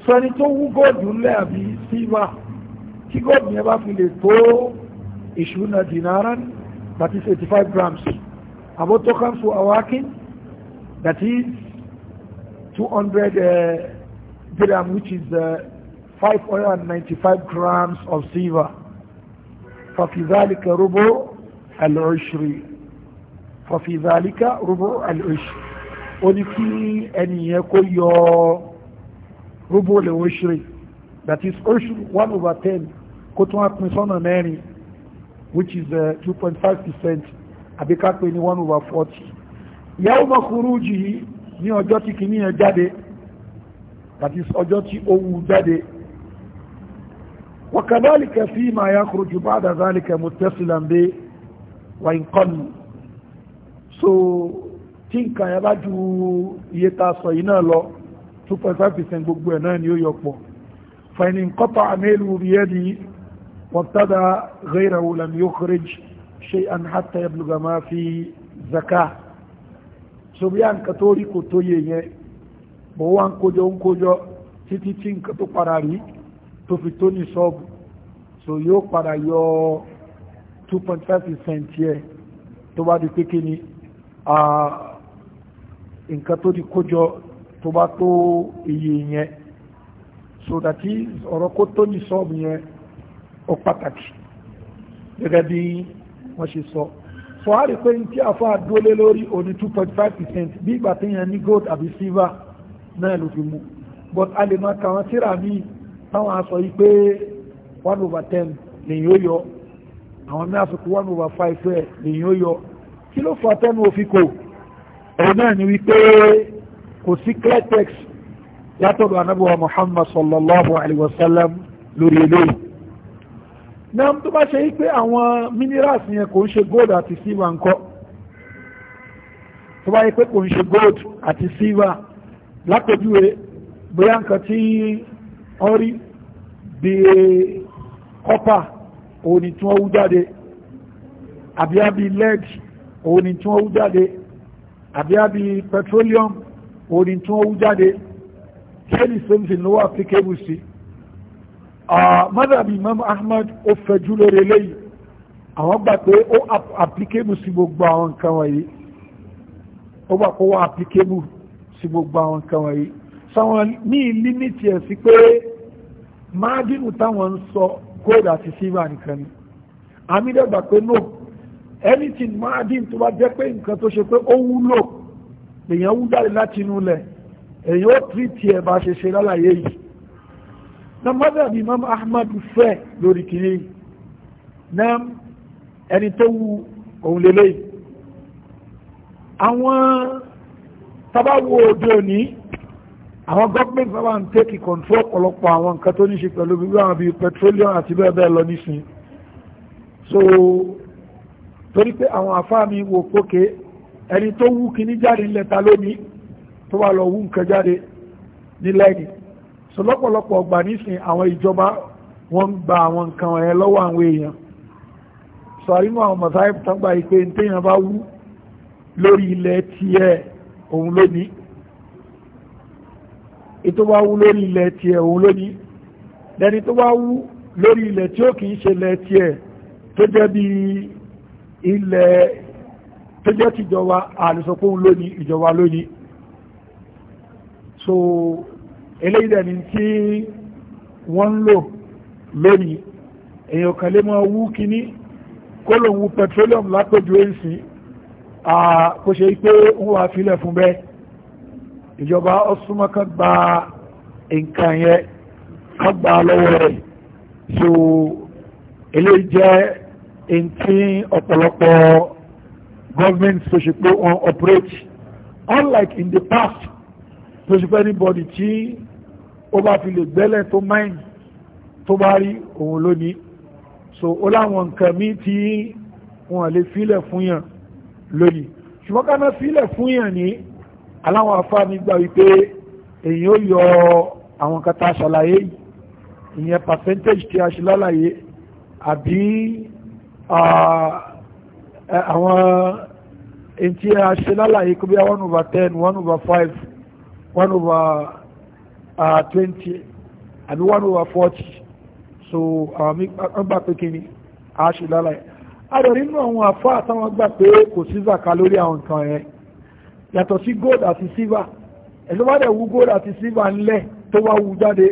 so ẹni tó wú góòdù ńlẹ̀ àbí silver tí góòdù yẹn bá fi lè tó ìṣúná dinaran that is 85 grams àbó tó kàn fún awakin that is 200 uh, dirham which is uh, 595 grams of silver ففي ذلك ربع العشر ففي ذلك ربع العشر ó ní kí ẹnìyẹn kó yọ rúbò lè wọ́n that is oṣù one over ten kó tún wá pín sọ́nà mẹ́rin which is uh, two point percent àbí ká pé ní one over forty ìyàwó mọ̀kúrú jì í ní ọjọ́ tí kìíní yẹn jáde that is ọjọ́ tí ó wù jáde wakadhalika fima yakhruju ba'da dhalika muttasilan bi wa in qannu so tí nǹkan yẹn bá ju iye tá a sọ yìí náà lọ two percent gbogbo ẹ̀ náà ni ó yọ pọ̀ fa in qata'a mailuhu biyadihi وابتدى غيره لم يخرج شيئا حتى يبلغ ما في زكاة سبيان كاتوليكو تويي bó wá ń kójọ ń kójọ títí tí nǹkan tó para rí tó fi tó ní sọ́ọ̀bù so yóò padà yọ 2.5% yẹ tó bá di pékè ní nǹkan tó di kójọ tó bá tó iye yẹn so that is ọ̀rọ̀ kó tó ní sọ́ọ̀bù yẹn ó pàtàkì gẹ́gẹ́ bí wọ́n ṣe sọ sọ á rí pé tí àfa dúólé lórí òní two point five percent bí ìgbà téèyàn ní gold àbí silver náà ló fi mú but a lè máa kà wọ́n síra míì táwọn aṣọ yìí pé one over ten lèyìn ó yọ àwọn náà sọ pé one over five ẹ̀ lèyìn ó yọ kí ló fà tẹ́nu òfin kò òun náà ni wípé kò sí clear text yàtọ̀ lọ Muhammad sallallahu alayhi wa sallam lórí eléyìí náà tó bá ṣe pé àwọn minerals yẹn kò ń ṣe gold àti silver ńkọ́ tó bá yẹ pé kò ń ṣe gold àti silver lápèjúwe bóyá nǹkan tí wọ́n rí bíi copper òun ni tí wọ́n wú jáde àbí àbí lead òun ni tí wọ́n wú jáde àbí àbí petroleum òun ni tí wọ́n wú jáde ṣé ní same ló wà applicable sí i. Ah, mọ́dàbí imam ahmad ó fẹjú lórí eléyìí àwọn gbà pé ó àplikébù sí gbogbo àwọn nǹkan wọ̀nyí ó gbà pé ó àplikébù sí gbogbo àwọn nǹkan wọ̀nyí sáwọn míì límítì ẹ̀ sí pé máàdínù táwọn ń sọ gold àti silver nìkan ni àmì pé no anything máàdín tó bá jẹ́ pé nǹkan tó ṣe pé ó wúlò èèyàn wú jáde láti inú lẹ̀ èèyàn ó tírìtì ẹ̀ bá ṣe ṣe lálàyé yìí na mọ́dà ni imam ahmad fẹ́ lórí kìíní na ẹni tó wu òun lélẹ́ àwọn tabawo òde òní àwọn gọ́ọ̀mẹ̀ntì sábà ń tẹ́kì kọ̀ǹtró ọ̀pọ̀lọpọ̀ àwọn nǹkan tó ní ṣe pẹ̀lú bíbí àwọn bíi petroleum àti bẹ́ẹ̀ bẹ́ẹ̀ lọ nísìn so torí pé àwọn àfáà mi wò pókè ẹni tó wú kíní jáde ńlẹ̀ lónìí tó wà lọ wú nǹkan jáde ní lẹ́yìn so lọ́pọ̀lọpọ̀ ọgbà nísìn àwọn ìjọba wọ́n gba àwọn nǹkan ẹ̀ lọ́wọ́ àwọn èèyàn so àrínú àwọn mọ̀sáìpù tán gba ìpé téèyàn bá wú lórí ilẹ̀ tí ẹ òun lónìí ètò bá wú lórí ilẹ̀ tí ẹ òun lónìí lẹ́ni tó bá wú lórí ilẹ̀ tí ó kìí ṣe ilẹ̀ tí ẹ tó jẹ́ bí ilẹ̀ tó jẹ́ tìjọba àlùsọ̀pọ̀ lónìí ìjọba lónìí so eléyìí dẹ̀ ni tí wọ́n ń lò lónìí èyàn kan lè mọ́ wú kíní kó lòun wú petroleum lápẹ̀jù èsì kó ṣe pé wọ́n wà fílẹ̀ fún bẹ́ẹ̀ ìjọba ọsúnmọ́ kan gba nǹkan yẹn kan gba lọ́wọ́ rẹ̀ so eléyìí jẹ́ èyí tí ọ̀pọ̀lọpọ̀ government tó ṣe pé wọ́n operate unlike in the past tó ṣe pẹ́ ní bọ́dì tí ó bá fi lè gbẹ́lẹ̀ tó máìn tó bá rí òun lónìí so ó láwọn nǹkan míì tí wọn lè fílẹ̀ fún yàn lónìí ṣùgbọ́n ká ná fílẹ̀ fún yàn ní aláwọn afáàmì gbà wípé èyí ó yọ àwọn kan ṣàlàyé ìyẹn percentage tí a ṣe lálàyé àbí àwọn èyí tí a ṣe lálàyé kó bí i one over ten one over five one over uh, twenty and one over forty so àwọn mi gbà pé kí ni a ṣe lọ́la yẹn adọ̀rí inú àwọn àfọ́ àtàwọn gbà pé kò sí zaka lórí àwọn nǹkan yẹn yàtọ̀ sí gold àti silver ẹ̀sọ́ bá dẹ̀ wú gold àti silver ńlẹ̀ tó wá wú jáde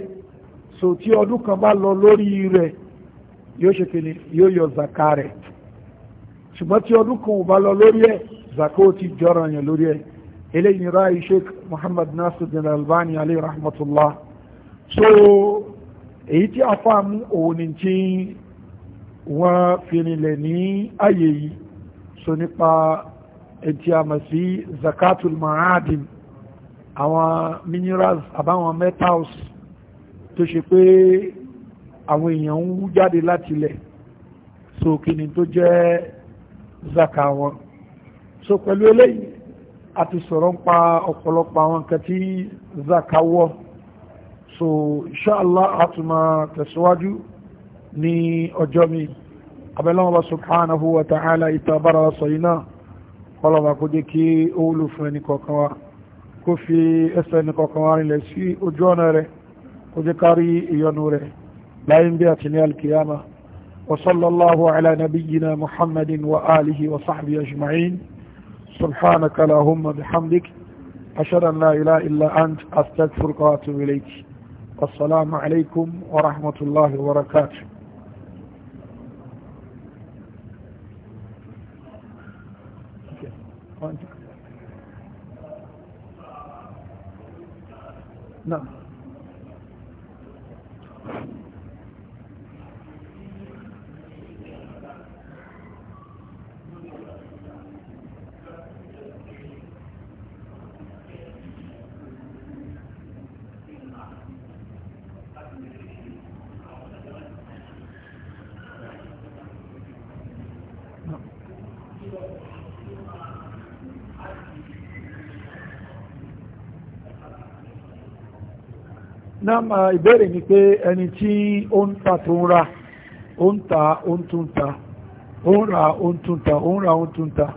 so tí ọdún kan bá lọ lórí rẹ̀ yóò ṣe kí ni yóò yọ zaka rẹ̀ ṣùgbọ́n tí ọdún kan ò bá lọ lórí ẹ̀ zaka ó ti jọra yẹn lórí ẹ̀ eléyìí ni ráyìí sheikh muhammad nasiruddin albani alayhi rahmatullah so èyí tí a fà mú òun ní tí wọ́n fi ní ayé yìí so nípa ẹ̀tí àmà sí zakatul ma'adim àwọn minerals àbáwọn metals tó ṣe pé àwọn èèyàn ń wú jáde láti lẹ̀ so kí ni tó jẹ́ zaka wọn so pẹ̀lú eléyìí àti sọ̀rọ̀ ń pa ọ̀pọ̀lọpọ̀ àwọn nǹkan tí zaka wọ́ so inṣáàlá àtùmà tẹ̀síwájú ní ọjọ́ mi abẹ́lọ́wọ́ bá subhanahu wa ta'ala ìtàbára sọ iná ọlọ́wà kó jẹ́ kí ó wúlò fún ẹni kọ̀ọ̀kan wa kó fi ẹsẹ̀ ẹni kọ̀ọ̀kan wa rinlẹ̀ sí ojú ọ̀nà rẹ̀ kó jẹ́ kárí ìyọnu rẹ̀ láyé ń bí àti ní alkiyama wa sallallahu ala nabiyyina muhammadin wa alihi wa sahbihi ajma'in سبحانك اللهم بحمدك أشهد أن لا إله إلا أنت أستغفرك وأتوب إليك والسلام عليكم ورحمة الله وبركاته نعم náà ìbéèrè ni pé ẹni tí ó ń ta tó ń ra ó ń ta ó ń tún ta ó ń ra ó ń tún ta ó ń ra ó ń tún ta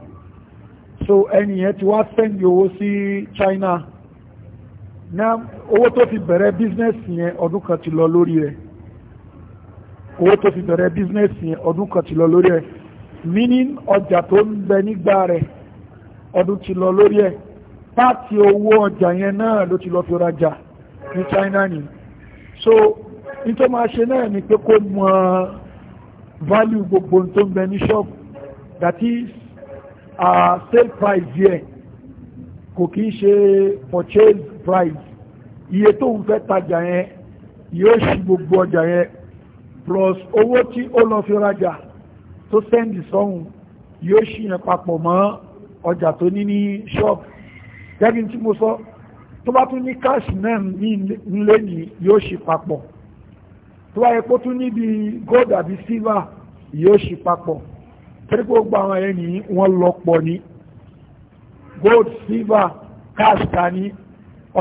so ẹni yẹn ti wá sẹ́ndì owó sí China náà owó tó fi bẹ̀rẹ̀ bísínẹ́sì yẹn ọdún kan ti lọ lórí rẹ̀ owó tó fi bẹ̀rẹ̀ bísínẹ́sì yẹn ọdún kan ti lọ lórí rẹ̀ meaning ọjà tó ń bẹ nígbà rẹ̀ ọdún ti lọ lórí ẹ̀ páàtì owó ọjà yẹn náà ló ti lọ fi rajà ní China ni so ní tó máa ṣe náà ni pé kó mọ value gbogbo tó ń bẹ ní shop that is uh, sale price yẹ kò kí ń ṣe purchase price iye tó ń fẹ́ tajà yẹn yóò ṣí gbogbo ọjà yẹn plus owó tí ó lọ fi rajà tó sẹ́ndì sọ́hun yóò ṣí yẹn papọ̀ mọ́ ọjà tó ní ní shop gẹ́gẹ́ tí mo sọ so, tó bá tún ní cash náà nílé ní yóò ṣe papọ̀ tó bá yẹ kó tún níbi gold àbí silver yóò ṣe papọ̀ torí pé gbogbo àwọn ẹni wọ́n lọ pọ̀ ní gold silver cash ta ní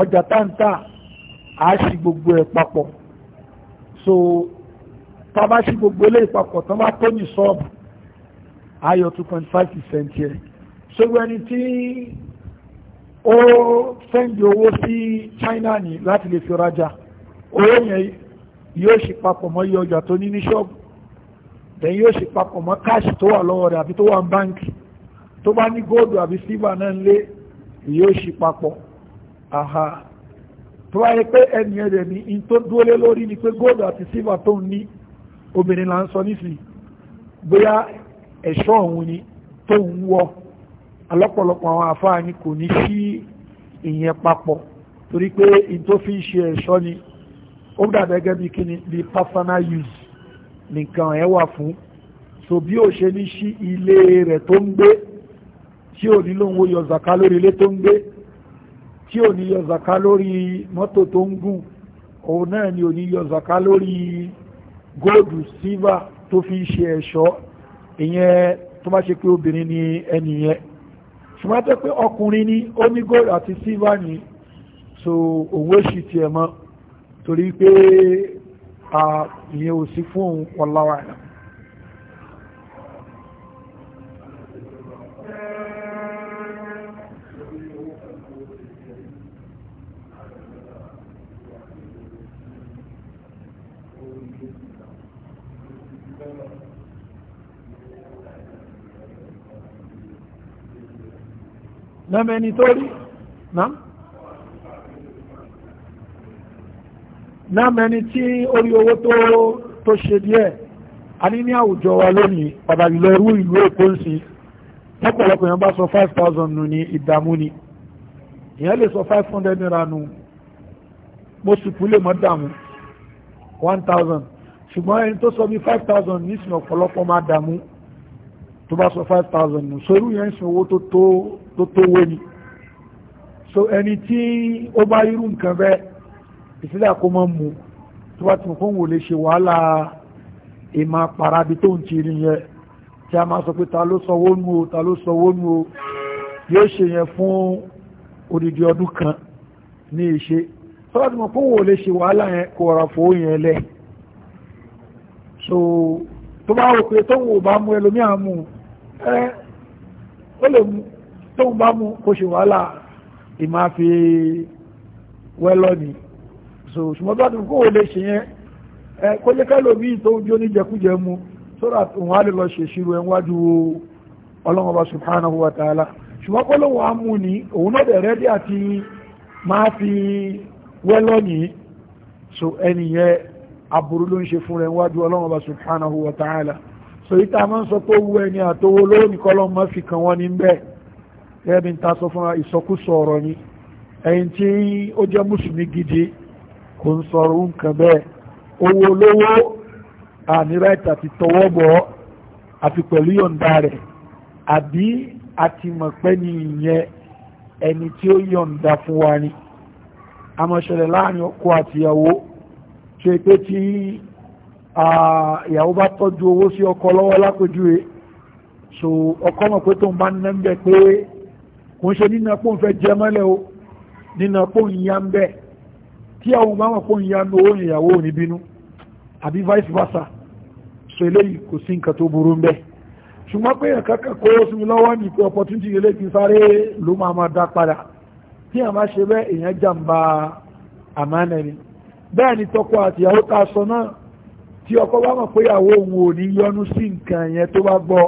ọjà táǹtà a ṣì gbogbo ẹ̀ papọ̀ so tá a bá ṣì gbogbo eléyìí papọ̀ tó bá tó ní sọ́ọ̀bù ayọ̀ 2.5 percent yẹ ṣùgbọ́n ẹni tí ó sẹ́ndì owó sí China ní láti lè fi rajà owó yẹn yóò ṣe papọ̀ mọ́ iye ọjà tó ní ní ṣọ́ọ̀bù then yóò ṣe papọ̀ mọ́ káàṣì tó wà lọ́wọ́ rẹ̀ àbí tó wà ní báńkì tó bá ní góòdù àbí sílvà náà ń lé yóò ṣe papọ̀ àhà tó wáyé pé ẹni ẹ̀rẹ̀ ní in tó dúólé lórí ni pé góòdù àti sílvà tó ń ní obìnrin là ń sọ nísìnyí bóyá ẹ̀ṣọ́ òun ni tó ń wọ̀ alọ́pọ̀lọpọ̀ àwọn àfáà ni kò ní sí ìyẹn papọ̀ torí pé in tó fi ń ṣe ẹ̀ṣọ́ ni ó dàbẹ́ gẹ́gẹ́ bí kíni bí personal use nìkan ẹ̀ wà fún so bí ó ṣe ní sí ilé rẹ̀ tó ń gbé tí ò ní lóun ó yọ lórí ilé tó ń gbé tí ò ní yọ zaka lórí mọ́tò tó ń gùn òun náà ni ò ní yọ zaka lórí góòdù sílvà tó fi ń ṣe ẹ̀ṣọ́ ìyẹn tó bá ṣe pé obìnrin ni ẹnìyẹn ṣùgbọ́n tó pé ọkùnrin ní ó àti silver ní so owó èṣì tiẹ̀ mọ́ torí pé ìyẹn ò sí fún òun wallahu a'lam mẹ́mẹ́ni tó rí náà mẹ́ni tí orí owó tó ṣe díẹ̀ a ní ní àwùjọ wa lónìí pàtàkì lọ rú ìlú èkó ń sí lọ́pọ̀lọpọ̀ yẹn bá sọ 5000 nù ní ìdààmú ni ìyẹn lè sọ 500 naira nù mo sì kú lè mọ́ dààmú 1000 ṣùgbọ́n ẹni tó sọ bí 5000 nísìnyí ọ̀pọ̀lọpọ̀ máa dààmú tó bá sọ 5,000 nù sórú yẹn sin owó tó tó wé ni so ẹni tí ó bá irú nǹkan bẹ́ ìsílẹ̀ kó mọ́ mu tó bá ti fún wò lè ṣe wàhálà ìmọ̀ parabi tó ń ti rí yẹn tí a máa sọ pé ta ló sanwó nù o ta ló sanwó nù o yóò ṣe yẹn fún odidi ọdún kan ní ìṣe tó bá ti mọ̀ fún wò ṣe wàhálà yẹn kò rà fowó yẹn lẹ̀ tó bá wò pé tó ń wò bá mú ẹlòmíà mú un ẹ ó lè mú tóun bá mú kó ṣe wàhálà ìmá fi wẹ́lọ́ ni so ṣùgbọ́n bá tún kó o lè ṣe yẹn ẹ kó jẹ́ ká lómi tóun jó ní jẹkújẹ mu sọ́dọ̀ òun á lọ ṣe ìṣirò ẹ̀ wájú ọlọ́run subhanahu wa ta'ala ṣùgbọ́n kó lóun á mú ni òun náà dẹ̀ rẹ́dí àti máa fi wẹ́lọ́ ni so ẹnìyẹn aburú ló ń ṣe fún rẹ̀ wájú ọlọ́run subhanahu wa ta'ala sòyí tá a máa ń sọ pé owó ẹni àtowó lónìí kọ́lọ́ mọ́ fi kàn wọ́n ní bẹ́ẹ̀ gẹ́gẹ́ ta sọ fún ìsọkúsọ ọ̀rọ̀ ni ẹ̀yin tí ó jẹ́ mùsùlùmí gidi kò ń sọ̀rọ̀ nǹkan bẹ́ẹ̀ owó olówó àníráìtà ti tọwọ́ bọ̀ ọ́ àti pẹ̀lú yọ̀ǹda rẹ̀ àbí àti mọ̀ pé ní ìyẹn ẹni tí ó yọ̀ǹda fún wa ni àmọ̀ṣẹ̀lẹ̀ láàrin ọkọ àtìyàwó ṣe pé tí ìyàwó bá tọ́jú owó sí ọkọ lọ́wọ́ lápèjúwe so ọkọ mọ̀ pé tó ń bá nínú ẹ̀ pé kò ń ṣe nínú ẹ̀pọ̀ ń fẹ́ jẹ mọ́lẹ̀ o nínú ẹ̀pọ̀ ń yá ń bẹ̀ tí àwọn ọmọ àwọn ọ̀pọ̀ ń yá owó ìyàwó ò ní bínú àbí vice versa so eléyìí kò sí nǹkan tó burú ń bẹ̀ ṣùgbọ́n pé ẹ̀ka kó sí lọ́wọ́ ní pé opportunity ilé ti sáré ló máa máa dá padà tí a máa ṣe bẹ́ẹ̀ èèyàn jàǹbá àmánà bẹ́ẹ̀ ni tọkọ àtìyàwó ta sọ náà tí ọkọ bá mọ̀ pé ìyàwó òun ò ní yọnu sí nǹkan yẹn tó bá gbọ́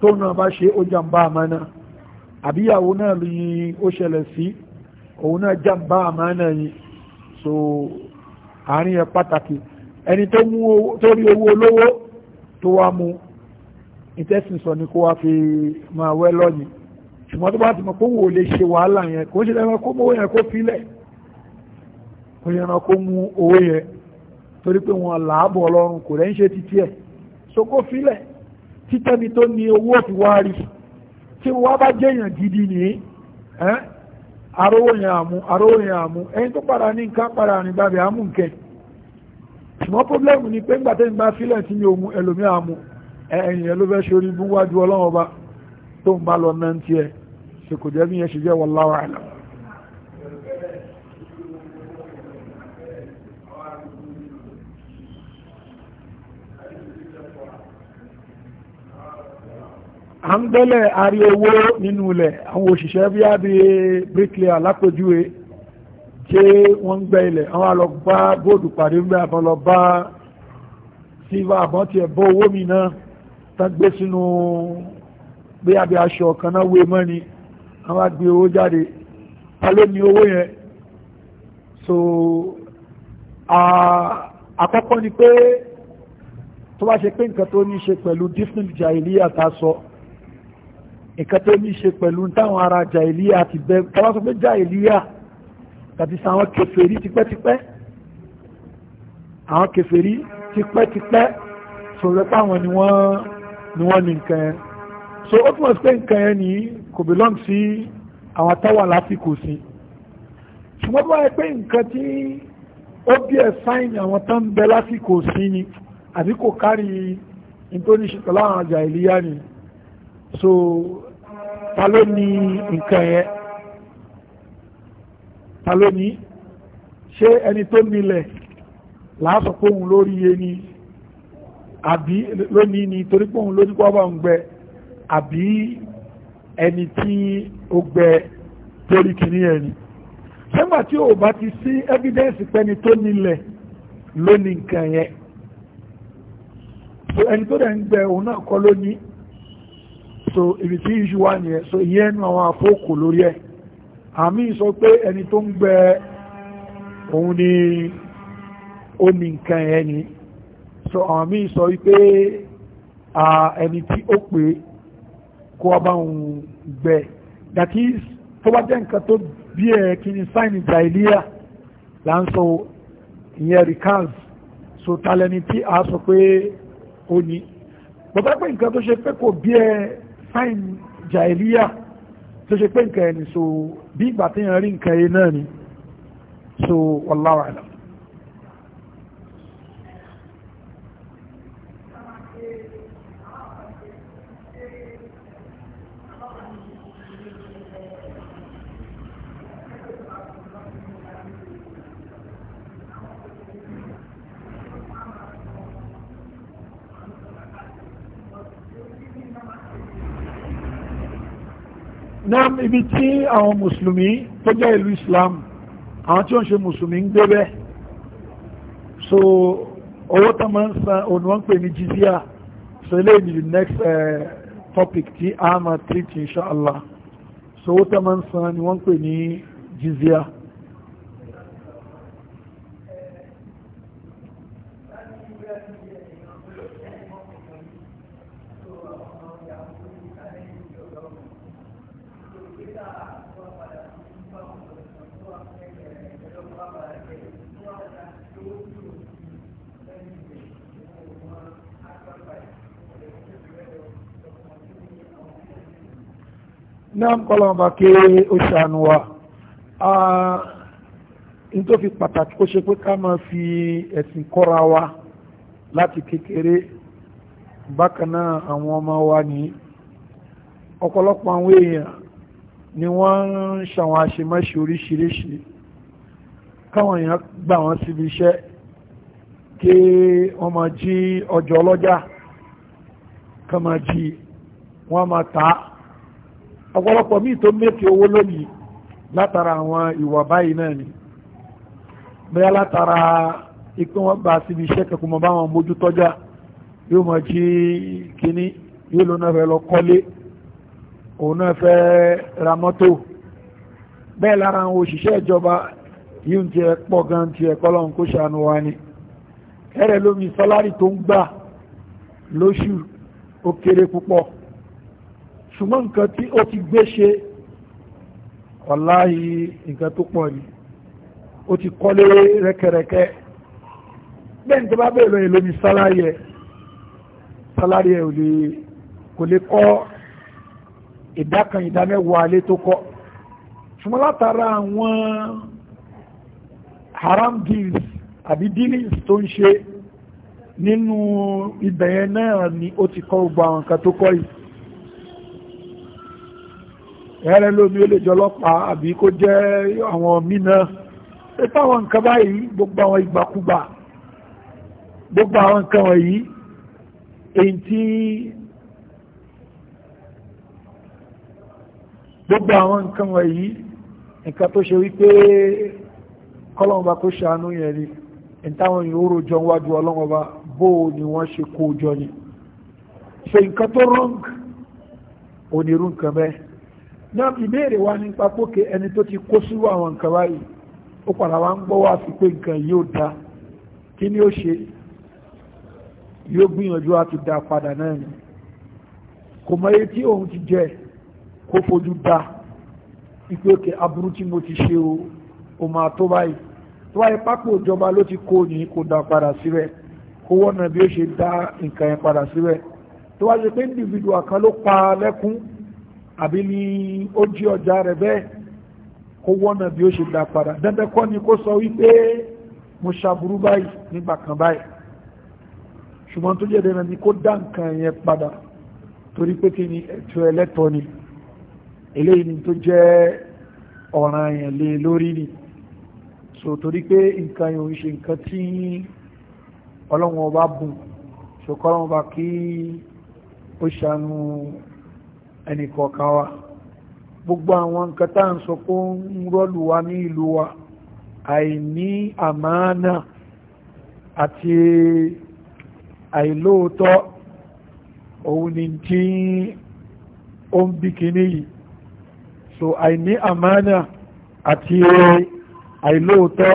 tó náà bá ṣe ó jàǹbá àmánà àbí ìyàwó náà lè ó ṣẹlẹ̀ sí òun náà jàǹbá àmánà yìí so àárín ẹ pàtàkì ẹni tó mú tó rí owó olówó tó wá mú ìtẹ́sìn sọ ni kó wá fi máa wẹ́ lọ́yìn ṣùgbọ́n tó bá ti mọ̀ kó wò lè ṣe wàhálà yẹn kó ṣe lẹ́nu kó mú owó yẹn kó filẹ̀ kó yẹn kó mú owó yẹn torí pé wọn làábọ̀ ọlọ́run kò rẹ̀ ń ṣe títí ẹ̀ sókó filẹ̀ títẹ́ni tó ní owó òfin wá rí tí wọ́n bá jẹ́yàn gidi nìyí aróyìn àmú aróyìn àmú ẹni tó padà ní nǹkan padà ní bàbá àmú nkẹ ni pé ńgbà tẹ́yìn bá filẹ̀ tí mi ò mú ẹlòmí àmú ẹ̀yìn ẹ̀ ló fẹ́ ṣe orí bú wájú ọlọ́run à ń gbẹ́lẹ̀ àrí owó nínú ilẹ̀ àwọn òṣìṣẹ́ bí i bí bricklayer alápòjúwe tí wọ́n ń gbẹ́ ilẹ̀ àwọn àlọ́ bá bóòdù pàdé ń bẹ́ àbọ̀n lọ bá sílva àbọ̀n tiẹ̀ bọ́ owó mi náà tán gbé sínú bí i aṣọ kan náà wé mọ́ni àwọn àgbé owó jáde ta ló ní owó yẹn so àkọ́kọ́ ni pé tó bá ṣe pé nǹkan tó ní ṣe pẹ̀lú different jahiliya ta sọ so, nǹkan tó ní ṣe pẹ̀lú táwọn ará jàìlíyà ti bẹ tọ́wọ́ sọ pé jàìlíyà tàbí sàwọn kèfèrí tipẹ́tipẹ́ àwọn kèfèrí tipẹ́tipẹ́ sọ̀rọ̀ pé àwọn ni wọ́n ni wọ́n ní nǹkan yẹn so ó túnmọ̀ sí pé nǹkan yẹn ni kò belong sí àwọn táwà lásìkò sí ṣùgbọ́n bá pé nǹkan tí ó bí ẹ̀ sáìn àwọn tó ń bẹ lásìkò sí ni àbí kò kárí nítorí ṣe pẹ̀lú àwọn jàìlíyà ni so ta ló ní nǹkan yẹn ta ló ní ṣé ẹni tó nílẹ̀ láàsọ̀ pé òun lórí iye ni àbí lónìí ni torí pé òun lórí pọ́bà ń gbẹ àbí ẹni tí ó gbẹ torí kìíní ẹni sẹ́gbà tí ò bá ti sí evidence pẹ́ni tó nílẹ̀ lónìí nǹkan yẹn so ẹni tó dẹ̀ ń gbẹ òun náà kọ́ lónìí so ibi tí iṣu wà nìyẹn so ìyẹn nu àwọn àfókò lórí ẹ̀ àmì sọ pé ẹni tó ń gbẹ òun ni ó nǹkan ẹ̀ so àwọn míì sọ wípé ẹni tí ó pè kó wá bá òun gbẹ that is tó bá jẹ́ nǹkan tó bí ẹ̀ kí ni sáìnì jàìlíà là ń sọ ìyẹn rikaz so talẹni tí a sọ pé ó ní bọ́bá pé nǹkan tó ṣe pé kò bí ẹ time jahiliya tó ṣe pé nǹkan ẹni so bí ìgbà téèyàn rí nǹkan ẹ náà ni so wallahu alam náà ibi tí àwọn mùsùlùmí tó jẹ́ ìlú islam àwọn tí ó ń ṣe mùsùlùmí ń gbé bẹ́ so owó tó máa ń san òun wọ́n pè ní jizya so ilé ìlú next uh, topic tí a máa treat inshallah so owó tó máa ń san ni wọ́n pè ní jizya náà ń kọ́lọ̀ ọba kí ó ṣàánú wa n tó fi pàtàkì ó ṣe pé ká máa fi ẹ̀sìn kọ́ra wa láti kékeré bákan àwọn ọmọ wa ní ọ̀pọ̀lọpọ̀ àwọn èèyàn ni wọ́n ń ṣàwọn àṣemáṣe oríṣiríṣi káwọn èèyàn gbà wọ́n síbi iṣẹ́ kí wọ́n máa jí ọjọ́ ọlọ́jà ká máa jí wọ́n máa tàá ọ̀pọ̀lọpọ̀ míì tó mẹ́kì owó lónìí látara àwọn ìwà báyìí náà ni bẹ́ẹ̀ látara ikú wọn bá síbi iṣẹ́ kẹ́kọ̀ọ́ mọ́ bá wọn mójú tọ́já yóò mọ̀ jí kínní yóò lóun náà fẹ́ lọ kọ́lé òun náà fẹ́ ra mọ́tò bẹ́ẹ̀ lára àwọn òṣìṣẹ́ ìjọba yíò ti pọ̀ gan ti ẹ kọ́lọ́n kó ṣàánú wa ni ẹ̀rẹ̀ lómi sálárì tó ń gbà lóṣù ó kéré púpọ̀ ṣùgbọ́n nǹkan tí ó ti gbé ṣe wàláhì nǹkan tó pọ̀ ni ó ti kọ́lé rẹ́kẹrẹkẹ bẹ́ẹ̀ tó bá bẹ̀rẹ̀ lóyìn lómi sálárì ẹ̀ sálárì ẹ̀ kò lè kọ́ ìdá kan alé tó kọ́ ṣùgbọ́n látara àwọn haram deals àbí dealings tó ń ṣe nínú ibẹ̀yẹn náà ni ó ti kọ́ gbogbo àwọn nǹkan tó kọ́ yìí ẹ̀rẹ́ lómi ó lè jọ ọlọ́pàá àbí kó jẹ́ àwọn mínà ẹ̀tàwọn nǹkan báyìí gbogbo àwọn ìgbàkúgbà gbogbo àwọn nǹkan wọ̀nyí èyí tí gbogbo àwọn nǹkan wọ̀nyí nǹkan tó ṣe wípé kọ́lọ́mọba kó ṣàánú yẹn ni ìtawọn yìí ó rojọ wájú ọlọ́mọba bó ni wọ́n ṣe kó jọ ni ṣe nǹkan tó rọ́ǹg onírú nǹkan bẹ́ẹ̀ náà ìbéèrè wa nípa pókè ẹni tó ti kó sírú àwọn nǹkan báyìí ó padà wá ń gbọ́ wá sí pé nǹkan yóò da kí ni ó ṣe yóò gbìyànjú àti dá padà náà ni kò mọ iye tí òun ti jẹ kó fojú da ipe òkè aburú tí mo ti ṣe o ò máa tó báyìí tó báyìí pápá òjọba ló ti kó ní kó dá padà síbẹ̀ kó wọ́nà bí ó ṣe dá nǹkan yẹn padà síbẹ̀ tó wá ṣe pé individual kan ló pa lẹ́kún àbí ní ó jí ọjà rẹ̀ bẹ́ẹ̀ kó wọ́nà bí ó ṣe dá padà dandan kọ́ ni kó sọ wípé mo ṣàbúrú báyìí nígbà kan báyìí ṣùgbọ́n tó jẹ́ dandan ni kó dá nǹkan yẹn padà torí pé kí ni ẹ̀tọ́ ẹlẹ́tọ́ ni eléyìí ni tó jẹ́ ọ̀ràn yẹn lé lórí ni so torí pé nǹkan yẹn ò ń ṣe nǹkan tí ọlọ́run ọba bùn ṣùkọ́ ọlọ́run ọba kí ó ṣàánú ẹnìkọ̀ọ̀kan wa gbogbo àwọn nǹkan tá à ń sọ pé ń rọ́lù wa ní ìlú wa àìní àmáànà àti àìlóòótọ́ òun ni tí ó ń bí kíní yìí so àìní àmáànà àti àìlóòótọ́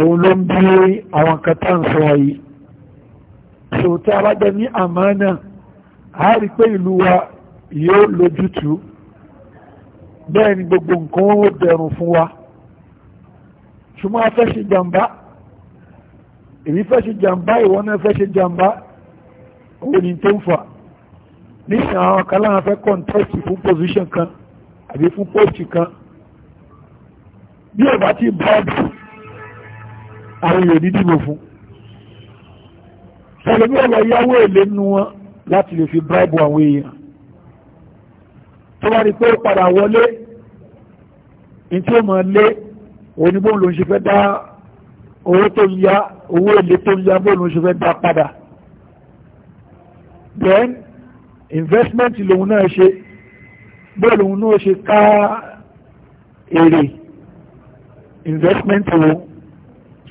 òun ló ń bí àwọn nǹkan tá ń sọ yìí so tí a bá jẹ ní àmáànà a rí pé ìlú wa yóò lójútùú bẹ́ẹ̀ ni gbogbo nǹkan ó dẹrùn fún wa ṣùgbọ́n a fẹ́ ṣe jàmbá èmi fẹ́ ṣe jàmbá ìwọ náà fẹ́ ṣe jàmbá owó ni tó ń fà nísìn àwọn kaláà fẹ́ kọ́ńtẹ́ẹ̀tì fún pòsíṣàn kan àbí fún pòsì kan bí ọba ti bọ́ọ̀dù àwọn èèyàn ní dìbò fún ṣàlùmí ọ̀lọ́ yáwó èlé nínú wọn láti lè fi bíráìbù àwọn èèyàn tó bá rí pé ó padà wọlé ní tí ó mọ̀ lé òní ló ń ṣe fẹ́ dá owó tó ń ya owó èlé tó ń ya bóun ló ń ṣe fẹ́ dá padà then investment lòun náà ṣe bóun lòun náà ṣe ká èrè investment lòun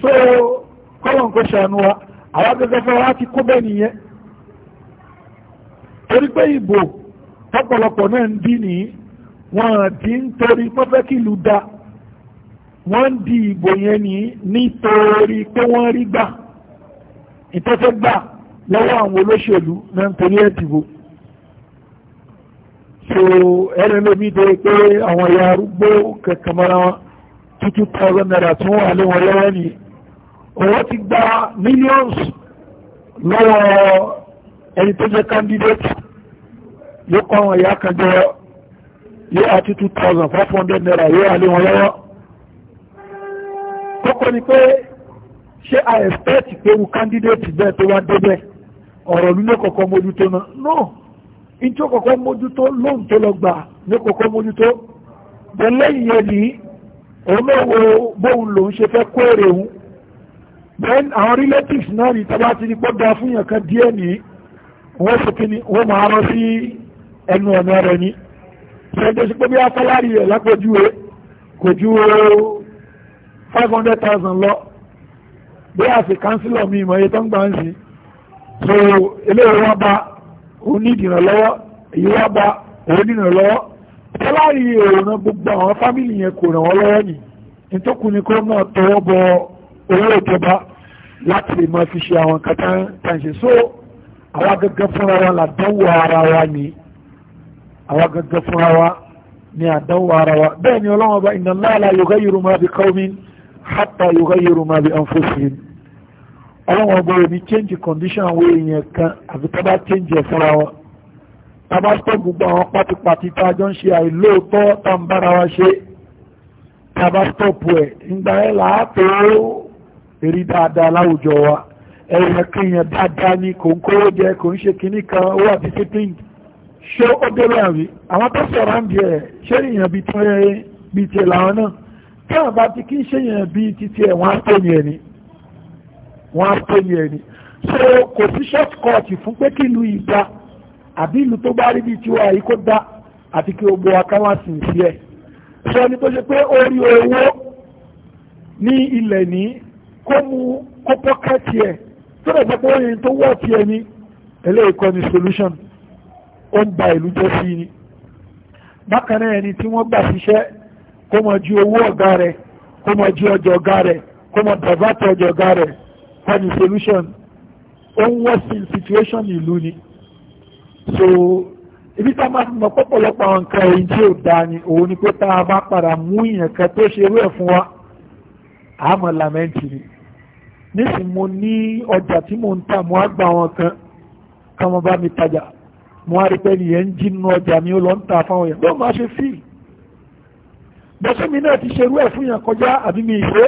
so kọ́lọ̀ nǹkan ṣàánú wa àwọn akẹ́kọ̀ọ́ fẹ́ wá ti kó bẹ́ẹ̀ nìyẹn torí pé ìbò tọ́pọ̀lọpọ̀ náà ń dí nìyí wọ́n àti ń torí pọ́fẹ́ kí ìlú da wọ́n ń di ìbò yẹn nìyí nítorí pé wọ́n rí gbà ìtọ́fẹ́ gbà lọ́wọ́ àwọn olóṣèlú náà ń torí ẹ̀ dìbò so ẹni lómi tó pé àwọn ẹ̀yà arúgbó kẹkẹmọ́ra wọn tuntun thousand naira tí wọ́n wà lé lọ́wọ́ ni owó ti gba millions lọ́wọ́ ẹni tó jẹ́ candidate yóò kọ́ àwọn ìyá kan jọ yóò àti 2,500 naira yóò alé wọn lọ́wọ́ kókó ni pé ṣé a expect pé wu candidate bẹ́ẹ̀ tó wá débẹ̀ ọ̀rọ̀ ló ní kọ̀kọ́ mójútó náà no in tí ó kọ̀kọ́ mójútó lóhùn tó lọ gbà ní kọ̀kọ́ mójútó bọ́ lẹ́yìn yẹn ní òun náà wo bóun lòun ṣe fẹ́ kó èrè òun then àwọn relatives náà ní tábà ti ní pọ́ da fún yàn kan díẹ̀ ní wọ́n ṣe kí ni wọ́n máa rán sí ẹnu ọ̀nà rẹ̀ ni ṣẹ́gbẹ́ sí pé bí afọ́lárí rẹ̀ lápòjúwe kò ju five hundred thousand lọ bí a sì kánsílọ̀ mi ìmọ̀ iye tó ń gbà ń sí so eléyìí wá bá òun ní ìdìrànlọ́wọ́ èyí wá bá òun ní ìdìrànlọ́wọ́ sálárì òòrùn gbogbo àwọn fámìlì yẹn kò ràn wọ́n lọ́wọ́ nì nítòkù ni kó náà tọwọ́ bọ owó ìjọba láti lè máa fi ṣe àwọn kàtàǹtàǹṣe so àwọn gẹ́gẹ́ fúnra wọn làdánwò ara wa nìyí àwa gẹ́gẹ́ fúnra wa ni àdánwò ara wa bẹ́ẹ̀ ni ọlọ́wọ́n bá inna Allaha la yughayyiru ma bi qawmin hatta yughayyiru ma bi anfusihim ọlọ́wọ́n bá ní change condition àwọn èèyàn kan àfi tá change ẹ̀ wa tá bá gbogbo àwọn pátípátí tá a jọ ń ṣe àìlóòótọ́ tá ń bára wa ṣe tá stop ẹ̀ ńgbà ẹ̀ là á dáadáa láwùjọ wa ẹ̀yìn kan dáadáa ni kò ń kówó jẹ kò ń ṣe kinní ó wà disciplined ṣé ó délé àrí àwọn tó sọ̀rọ̀ ń di ẹ̀ ṣé èèyàn bíi tún ẹ bíi tiẹ̀ làwọn náà tí àwọn bá ti kí ṣe èèyàn bíi ti tiẹ̀ wọ́n á pè ní ẹni wọ́n á pè ní ẹni so kò sí short cut fún pé kí ìlú yìí dá àbí ìlú tó bá rí bíi tiwa yìí kó dá àti kí gbogbo akáwá sì ń sí ẹ̀ sọ ni tó ṣe pé ó owó ní ilẹ̀ ní kó mu kó pọ́kẹ́tì ẹ̀ tó lè sọ pé ó tó wọ̀ tiẹ̀ ní eléyìí ni solution ó ń ba ìlú jẹ́ sí ni bákan náà ẹni tí wọ́n gbà síṣẹ́ kó mọ ju owó ọ̀gá rẹ̀ kó mọ ju ọjà ọ̀gá rẹ̀ kó mọ dàbátà ọjà ọ̀gá rẹ̀ pẹ̀lú solution ó ń worsen situation ìlú ni so ibi tá a máa mọ̀ pọ̀pọ̀lọpọ̀ àwọn nǹkan èyí tí ò da ni òun ni pé tá a bá padà mú ìyẹn tó ṣe irú ẹ̀ fún wa àmọ́ làmẹ́ǹtì ni nísìnyí mo ní ọjà tí mò ń tà mo á gba àwọn kan káwọn mi tajà mo wá rí pé ní yẹn ń jí nínú ọjà mi ó lọ ń ta fáwọn yẹn lọ́ọ́ máa ṣe fíìl bọ́sẹ̀ mi náà ti ṣerú ẹ̀ fún yàn kọjá àbí mi ìṣe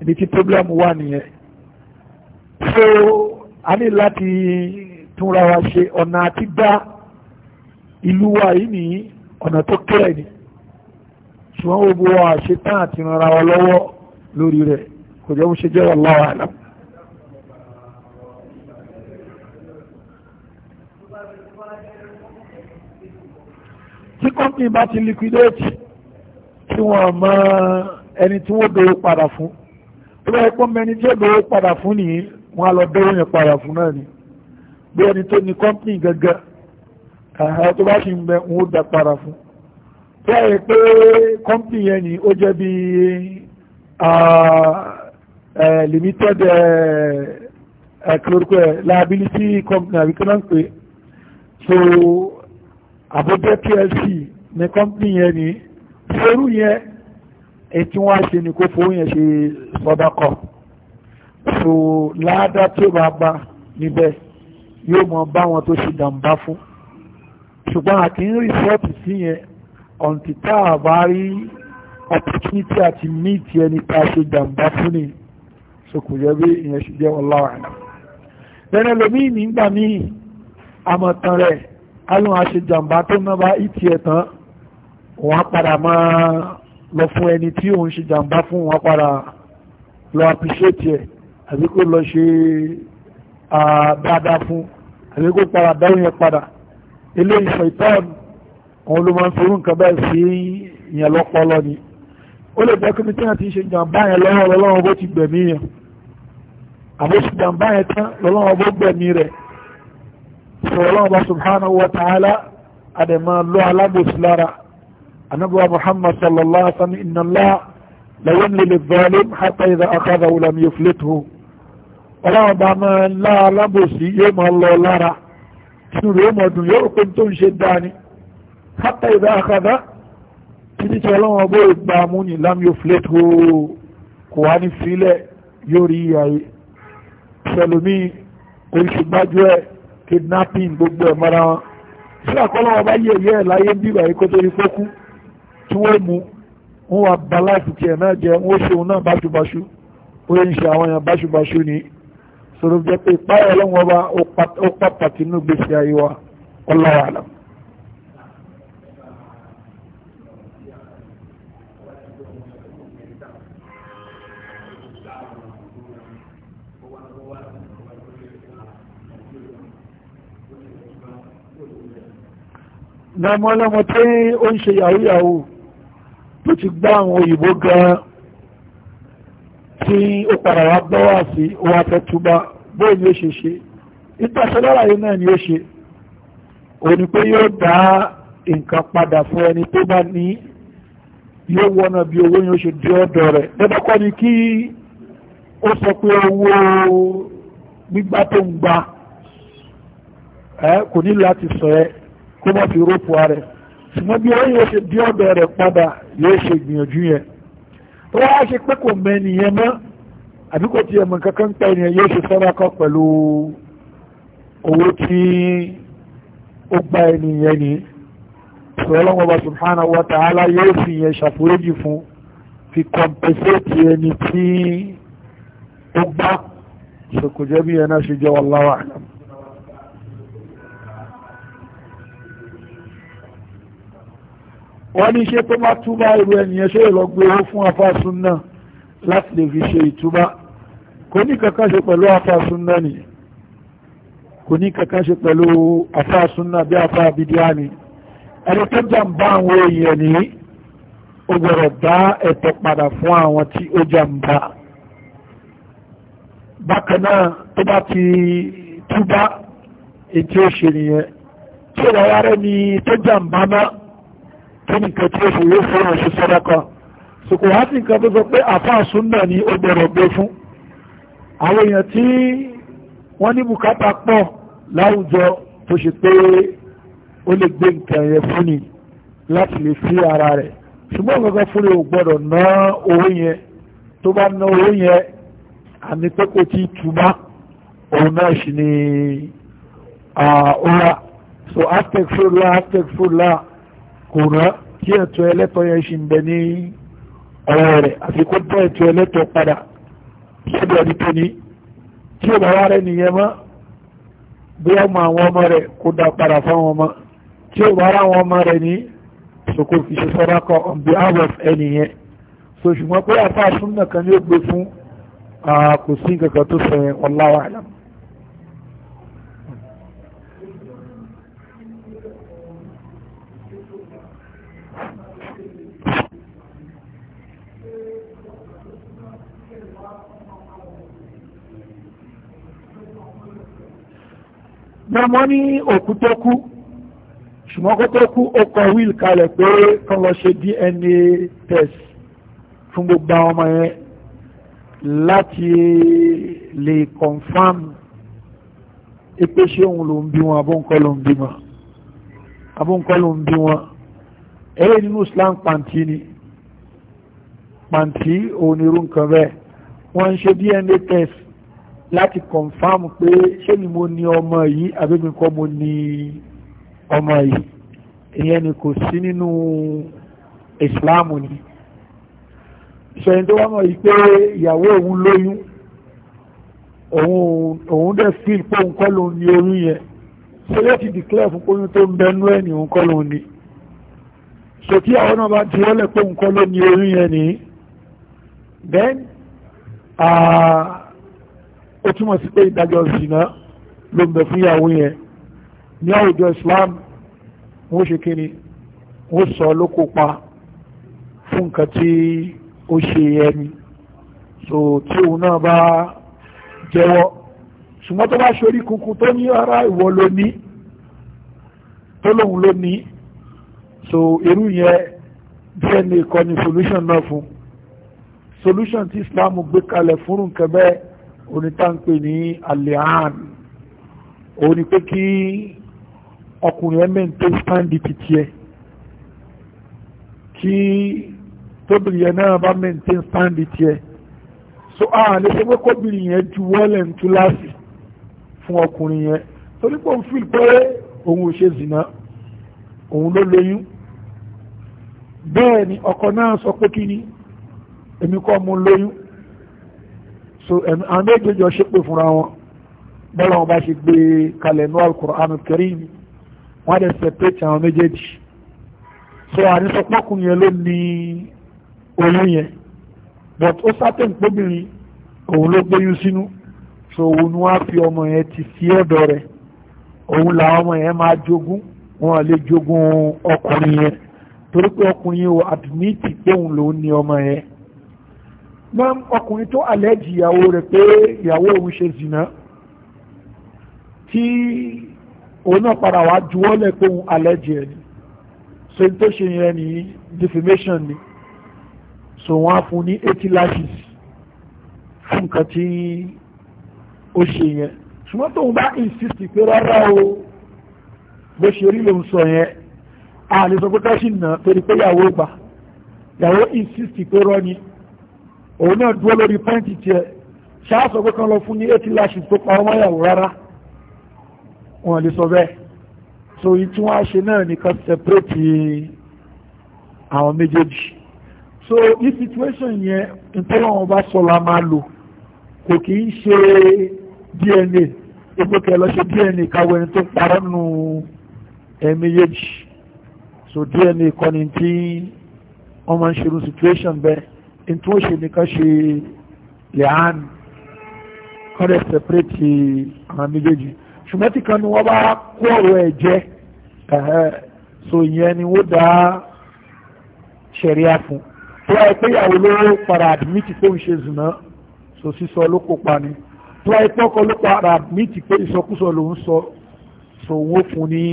ibi tí problem wà nìyẹn so a ní láti túnra wa ṣe ọ̀nà àti dá ìlú wa yìí ní ọ̀nà tó kẹ́rẹ̀ ni ṣùgbọ́n gbogbo wa ṣe tán àti ràn ara wa lọ́wọ́ lórí rẹ̀ kò jẹ́ bó ṣe jẹ́ wallahu a'lam. company bá ti liquidate tí wọ́n mọ ẹni tí wọ́n dòwó padà fún ó bá yẹ pé ọmọ ẹni tí ó dòwó padà fún nìyí wọ́n lọ dòwó yẹn padà fún náà ni bí ẹni tó ní company gangan àhà tó bá ṣì ń bẹ wọn ó padà fún tó yẹ pé company yẹn ni ó jẹ́ bí limited liability company àbíkẹ́ náà ń pè so àbójẹ́ plc ní kọ́mpì yẹn ni fẹ́rù yẹn ètí wọ́n á ṣe ni kó fowó yẹn ṣe sọ́dákọ̀ so láàdá tí ó máa bá níbẹ̀ yóò mọ bá wọn tó ṣe dàmbá fún ṣùgbọ́n àti ń rìsọ́ọ̀tì sí yẹn ọ̀ǹtì tá a bá rí opportunity àti meet ẹni tá a ṣe dàmbá fún ni so kò yẹ bí ìyẹn ṣe jẹ́ wọn láwàá lẹ́nu lómi nígbà míì àmọ̀tán rẹ̀ alóhun aṣèjàmbá tó ná bá ìtì ẹ̀ tán wọ́n á padà máa lọ fún ẹni tí òun ṣe jàmbá fún wọn padà lọ appreciate ẹ̀ àbí kó lọ ṣe dáadáa fún àbí kó padà dáhùn yẹn padà eléyìí ṣaitan òun ló máa ń forú nǹkan bẹ́ẹ̀ sí yẹn lọ́pọlọ ni ó lè jẹ́ kí wọ́n ti ṣe jàmbá yẹn lọ́wọ́ lọ́wọ́ bó ti gbẹ̀mí yẹn àbó ṣe jàmbá yẹn tán lọ́wọ́ bó gbẹ̀mí rẹ̀ sọlọ́ọ̀bá subhanahu wa ta'ala àdèmà lọ alábòsí lára anábọ̀ muhammad sallallahu alaihi wa sallam inna Allah la yamli lidh-dhalim hatta idha akhadhahu lam yuflithu ọlọ́ọ̀bá máa lá alábòsí yóò máa lọ lára tí rèé mọ̀ dùn yóò pé tó ń ṣe dání hatta idha akhadha títí tí ọlọ́wọ́n bó gba mú ní lam yuflithu kò wá ní sílẹ̀ yóò rí ayé sẹlómi oríṣi gbájú ẹ̀ kidnapping gbogbo ẹ̀ mọ́ra wọn tí àkọ́lọ́wọ́ bá yẹ̀ yẹ́ ẹ̀ láyé bíbà yìí kó tó rí fókú tí wọ́n mú wọn wà bá láti tiẹ̀ náà jẹ wọ́n ṣe òun náà báṣubàṣu ó yẹ ń ṣe àwọn èèyàn báṣubàṣu ni sọ̀rọ̀ jẹ́ pé ìpáyà ọlọ́wọ́ bá ó pa pàtínú gbèsè ayé wa ọlọ́wọ́ àlàmù na ọmọ ọlọ́mọ tí ó ń ṣe yahoo yahoo tó ti gbá àwọn òyìnbó gan tí ó padà wá gbọ́wà sí wá fẹ́ túbá bóyí ni ó ṣe ṣe ìtàṣẹ́lára yìí náà ni ó ṣe ò ní pé yóò dá nǹkan padà fún ẹni tó bá ní yóò wọ́nà bí owó yóò ṣe dé ọ̀dọ̀ rẹ̀ lẹ́dọ́kọ́ ni kí ó sọ pé owó gbígbá tó ń gba kò ní láti sọ ẹ́ kó má fi rópò rẹ̀ ṣùgbọ́n bí wọ́n yóò ṣe dí ọ̀dọ̀ rẹ̀ padà yóò ṣe gbìyànjú yẹn tó wá ṣe pé kò mẹ́ni yẹn mọ́ àbí kò tiẹ̀ mọ̀ kankan pẹ́ ni yóò ṣe sọ́dákọ̀ pẹ̀lú owó tí ó gba ẹni yẹn ni ṣùgbọ́n ọba subhanahu wa ta'ala yóò fi yẹn ṣàforíjì fún fi compensate ẹni tí ó gbá ṣòkòjẹ́ bí yẹn náà ṣe jẹ́ wallahu wọ́n ní ṣe tó bá túbá irú ẹnìyàn ṣe lọ gbé owó fún afásun náà láti lè fi ṣe ìtúbá kò ní kankan ṣe pẹ̀lú afásun náà ni kò ní kankan ṣe pẹ̀lú afásun náà bí afá abidíá ni ẹni tó jàǹbá àwọn èèyàn ní ó gbọ́dọ̀ dá ẹ̀tọ́ padà fún àwọn tí ó jàǹbá bákan náà tó bá ti túbá ètí ó ṣe nìyẹn tí ó wà wá ni tó jàǹbá náà kí ni nǹkan tí ó fi wó fún ọ̀ṣù sàdákà sòkò wá sí nǹkan tó sọ pé àfáà súnà ni ó gbọ́dọ̀ gbé fún àwọn èèyàn tí wọ́n ní bùkátà pọ̀ láwùjọ tó ṣe pé ó lè gbé nǹkan yẹn fún ni láti lè fi ara rẹ̀ ṣùgbọ́n kankan fún rẹ̀ ò gbọ́dọ̀ ná owó yẹn tó bá ná owó yẹn àní pé kò tí ì òun náà sì ni ọ̀rà so aztec fúlá aztec fúlá kò rán kí ẹ̀tọ́ ẹlẹ́tọ́ yẹn ṣì ń bẹ ní ọwọ́ rẹ̀ àfi kó bọ́ ẹ̀tọ́ ẹlẹ́tọ́ padà sọ́dọ̀ ẹni tó ní tí ò bá wá rẹ̀ nìyẹn mọ́ bóyá mọ àwọn ọmọ rẹ̀ kó dá padà fáwọn ọmọ tí ò bá rá àwọn ọmọ rẹ̀ ní sòkò fi sọ́dá kọ on behalf of ẹni so ṣùgbọ́n pé àfáà súnmọ̀ kan ní ó gbé fún kò sí nǹkan tó sọ yẹn wallahu a'lam na wọ́n ní òkú tó kú ṣùgbọ́n kó tó kú ó kọ wíìlì kalẹ̀ pé kán lọ ṣe DNA test fún gbogbo àwọn ọmọ yẹn láti lè confam ipe ṣé òun ló ń bí wọn abóńkọ́ ló ń bí wọn ẹ̀yẹ́ nínú Islam pàǹtí ni pàǹtí òun bẹ́ẹ̀ wọ́n ń ṣe DNA test láti kọ̀nfàmù pé ṣé ni mo ní ọmọ yìí àbẹ́mi kọ́ mo ní ọmọ yìí ìyẹn ni kò sí nínú ìsìláàmù ni ṣẹ̀yìn tó wọ́n mọ̀ yìí pé ìyàwó òun lóyún òun dẹ̀ fi ìpóhùn kọ́ lòun ní oyún yẹn ṣé yóò dìklẹ̀ fún oyún tó ń bẹnú ẹ̀ ní òun kọ́ ni ṣe kí àwọn náà bá ti wọ́lẹ̀ póhùn kọ́ lòun ní oyún yẹn ni then uh, ó túmọ̀ sí pé ìdájọ́ zina ló ń bẹ fún ìyàwó yẹn ní àwùjọ Islam wọ́n ṣe kí ni wọ́n sọ ló kópa fún nǹkan tí ó ṣe ẹni so tí òun náà bá jẹ́wọ́ ṣùgbọ́n tó bá ṣorí kunkun tó ní ara ìwọ ló ní tó lóun ló ní so irú yẹn DNA kọ́ ni solution náà fún solution tí Islam gbé kalẹ̀ fún nǹkan bẹ́ẹ̀ onítàǹpé ní alihan òun ni pé kí ọkùnrin ẹ̀mẹ́ni tó sáǹdì títí ẹ̀ kí tóbìnrin yẹn náà bá maintain stand it yẹ so a lè ṣe pé kóbìnrin yẹn ju wọ́lẹ̀ ń túláàsì fún ọkùnrin yẹn torí pé òun fi pé òun ò ṣe zìnà òun ló lóyún bẹ́ẹ̀ ni ọkọ náà sọ pé kí ni èmi kọ́ mo lóyún so àwọn méjèèjì ọ ṣépè fúnra wọn bọ́lá wọn bá ṣe gbé kalẹ̀ ní alukur'an karim wọ́n á dẹ̀ separate àwọn méjèèjì so àníṣọpọ́kùn yẹn ló ní oyún yẹn but ó sátẹ̀ ń pọ́bìnrin òun ló gbóyún sínú so òun wá fi ọmọ yẹn ti sí ọ̀dọ̀ rẹ̀ òun làwọn ọmọ yẹn máa jogún wọn lè jogún ọkùnrin yẹn torí pé ọkùnrin yẹn ò admit pé òun lòún ní ọmọ yẹn náà ọkùnrin tó àlẹ́jì ìyàwó rẹ̀ pé ìyàwó òun ṣe zìnà tí òun náà padà wá juwọ́lẹ̀ pé òun àlẹ́jì ẹ̀ ni so n tó ṣe yẹn ni defamation ni so wọ́n á fún ní eighty lashes fún nǹkan tí ó ṣe yẹn ṣùgbọ́n tóun bá insist pé rárá o bó ṣe rí lòun sọ yẹn a lè sọ pé ká ṣì nà torí pé ìyàwó gbà ìyàwó insist pé rọ́ ni òun náà dúró lórí pẹ́ǹtì tiẹ̀ ṣáàsọ̀ pé kan lọ fún ní eighty lashes tó pa ọmọ ìyàwó rárá wọn lè sọ bẹ́ẹ̀ so yìí tí wọ́n á ṣe náà nìkan separate àwọn méjèèjì so ní situation yẹn ntọ́lọ́wọ́n bá sọ la máa lò kò kì í ṣe DNA gbogbo kẹ lọ ṣe DNA káwọ ẹni tó parọ́ nù ẹ̀ẹ́mẹ́yèjì so DNA kọ́ni tí wọ́n máa ń ṣerú situation bẹ́ẹ̀ tí wọ́n ṣe nìkan ṣe lẹ́hàn kọ́rẹ́ sẹpẹ́rẹ́tì àwọn méjèèjì ṣùgbọ́n tí kan ni wọ́n bá kó ọ̀rọ̀ ẹ̀ jẹ́ so ìyẹn ni wọ́n dá ṣẹ̀ríà fún tó wáyé pé ìyàwó ló para àdìmítì pé òun ṣe zùnà so sísọ ló kópa ni tó wáyé pé ọkọ ló para àdìmítì pé ìsọkúsọ lòun sọ so wọ́n fún ní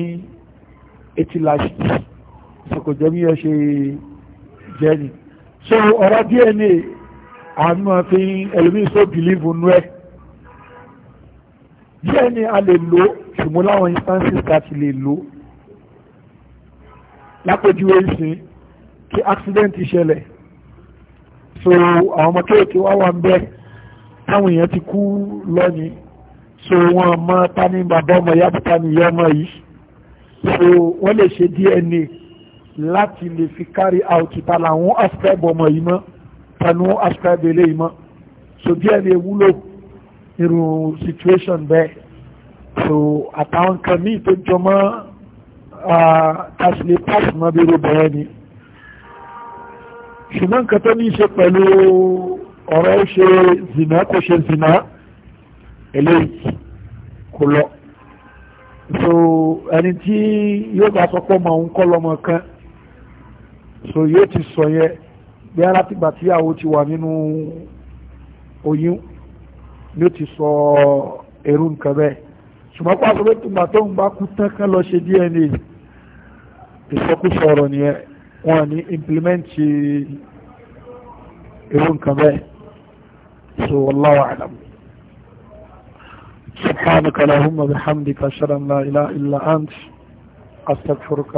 etí láṣìí so kò jẹ́ bí ẹ ṣe jẹ́ nìyí so ọ̀rọ̀ DNA àánú àfi ẹlòmíín so believe nú ẹ DNA a lè lò ṣùgbọ́n láwọn instances láti lè lò lápèjúwe ìsìn kí accident ṣẹlẹ̀ so àwọn ọmọ kéèké wá wà ń bẹ táwọn èèyàn ti kú lọ́yìn so wọn mọ tani bàbá ọmọ yàtọ̀ tani ìyá ọmọ yìí so wọ́n lè ṣe DNA láti lè fi carry out ta làwọn ascribe ọmọ yìí mọ́ tanu ascribe eléyìí mọ́ so díẹ̀ lè wúlò irú situation bẹ́ẹ̀ so àtàwọn kan míì tó jọmọ́ kásìlè pass mọ́ bí irú bẹ̀rẹ̀ ni ṣùgbọ́n nǹkan tó ní ṣe pẹ̀lú ọ̀rọ̀ ṣe zina kò ṣe zina eléyìí kò lọ so ẹni tí yóò bá sọ pé ọmọ òun kọ́ lọ́mọ kan so yóò ti sọ yẹn bí ara tìgbà tíyàwó ti wà nínú oyún yóò ti sọ ẹrú nǹkan bẹ́ẹ̀ ṣùgbọ́n pàṣẹ pé tìgbà tó ń bá kú tán kán lọ ṣe DNA ìsọkúsọ ọ̀rọ̀ nìyẹn wọn ní implement ẹrú nǹkan bẹ́ẹ̀ so wallahu a'lam. سبحانك اللهم بحمدك أشهد أن لا إله إلا أنت أستغفرك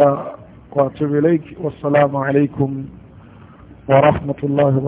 وأتوب إليك والسلام عليكم ورحمة الله وبركاته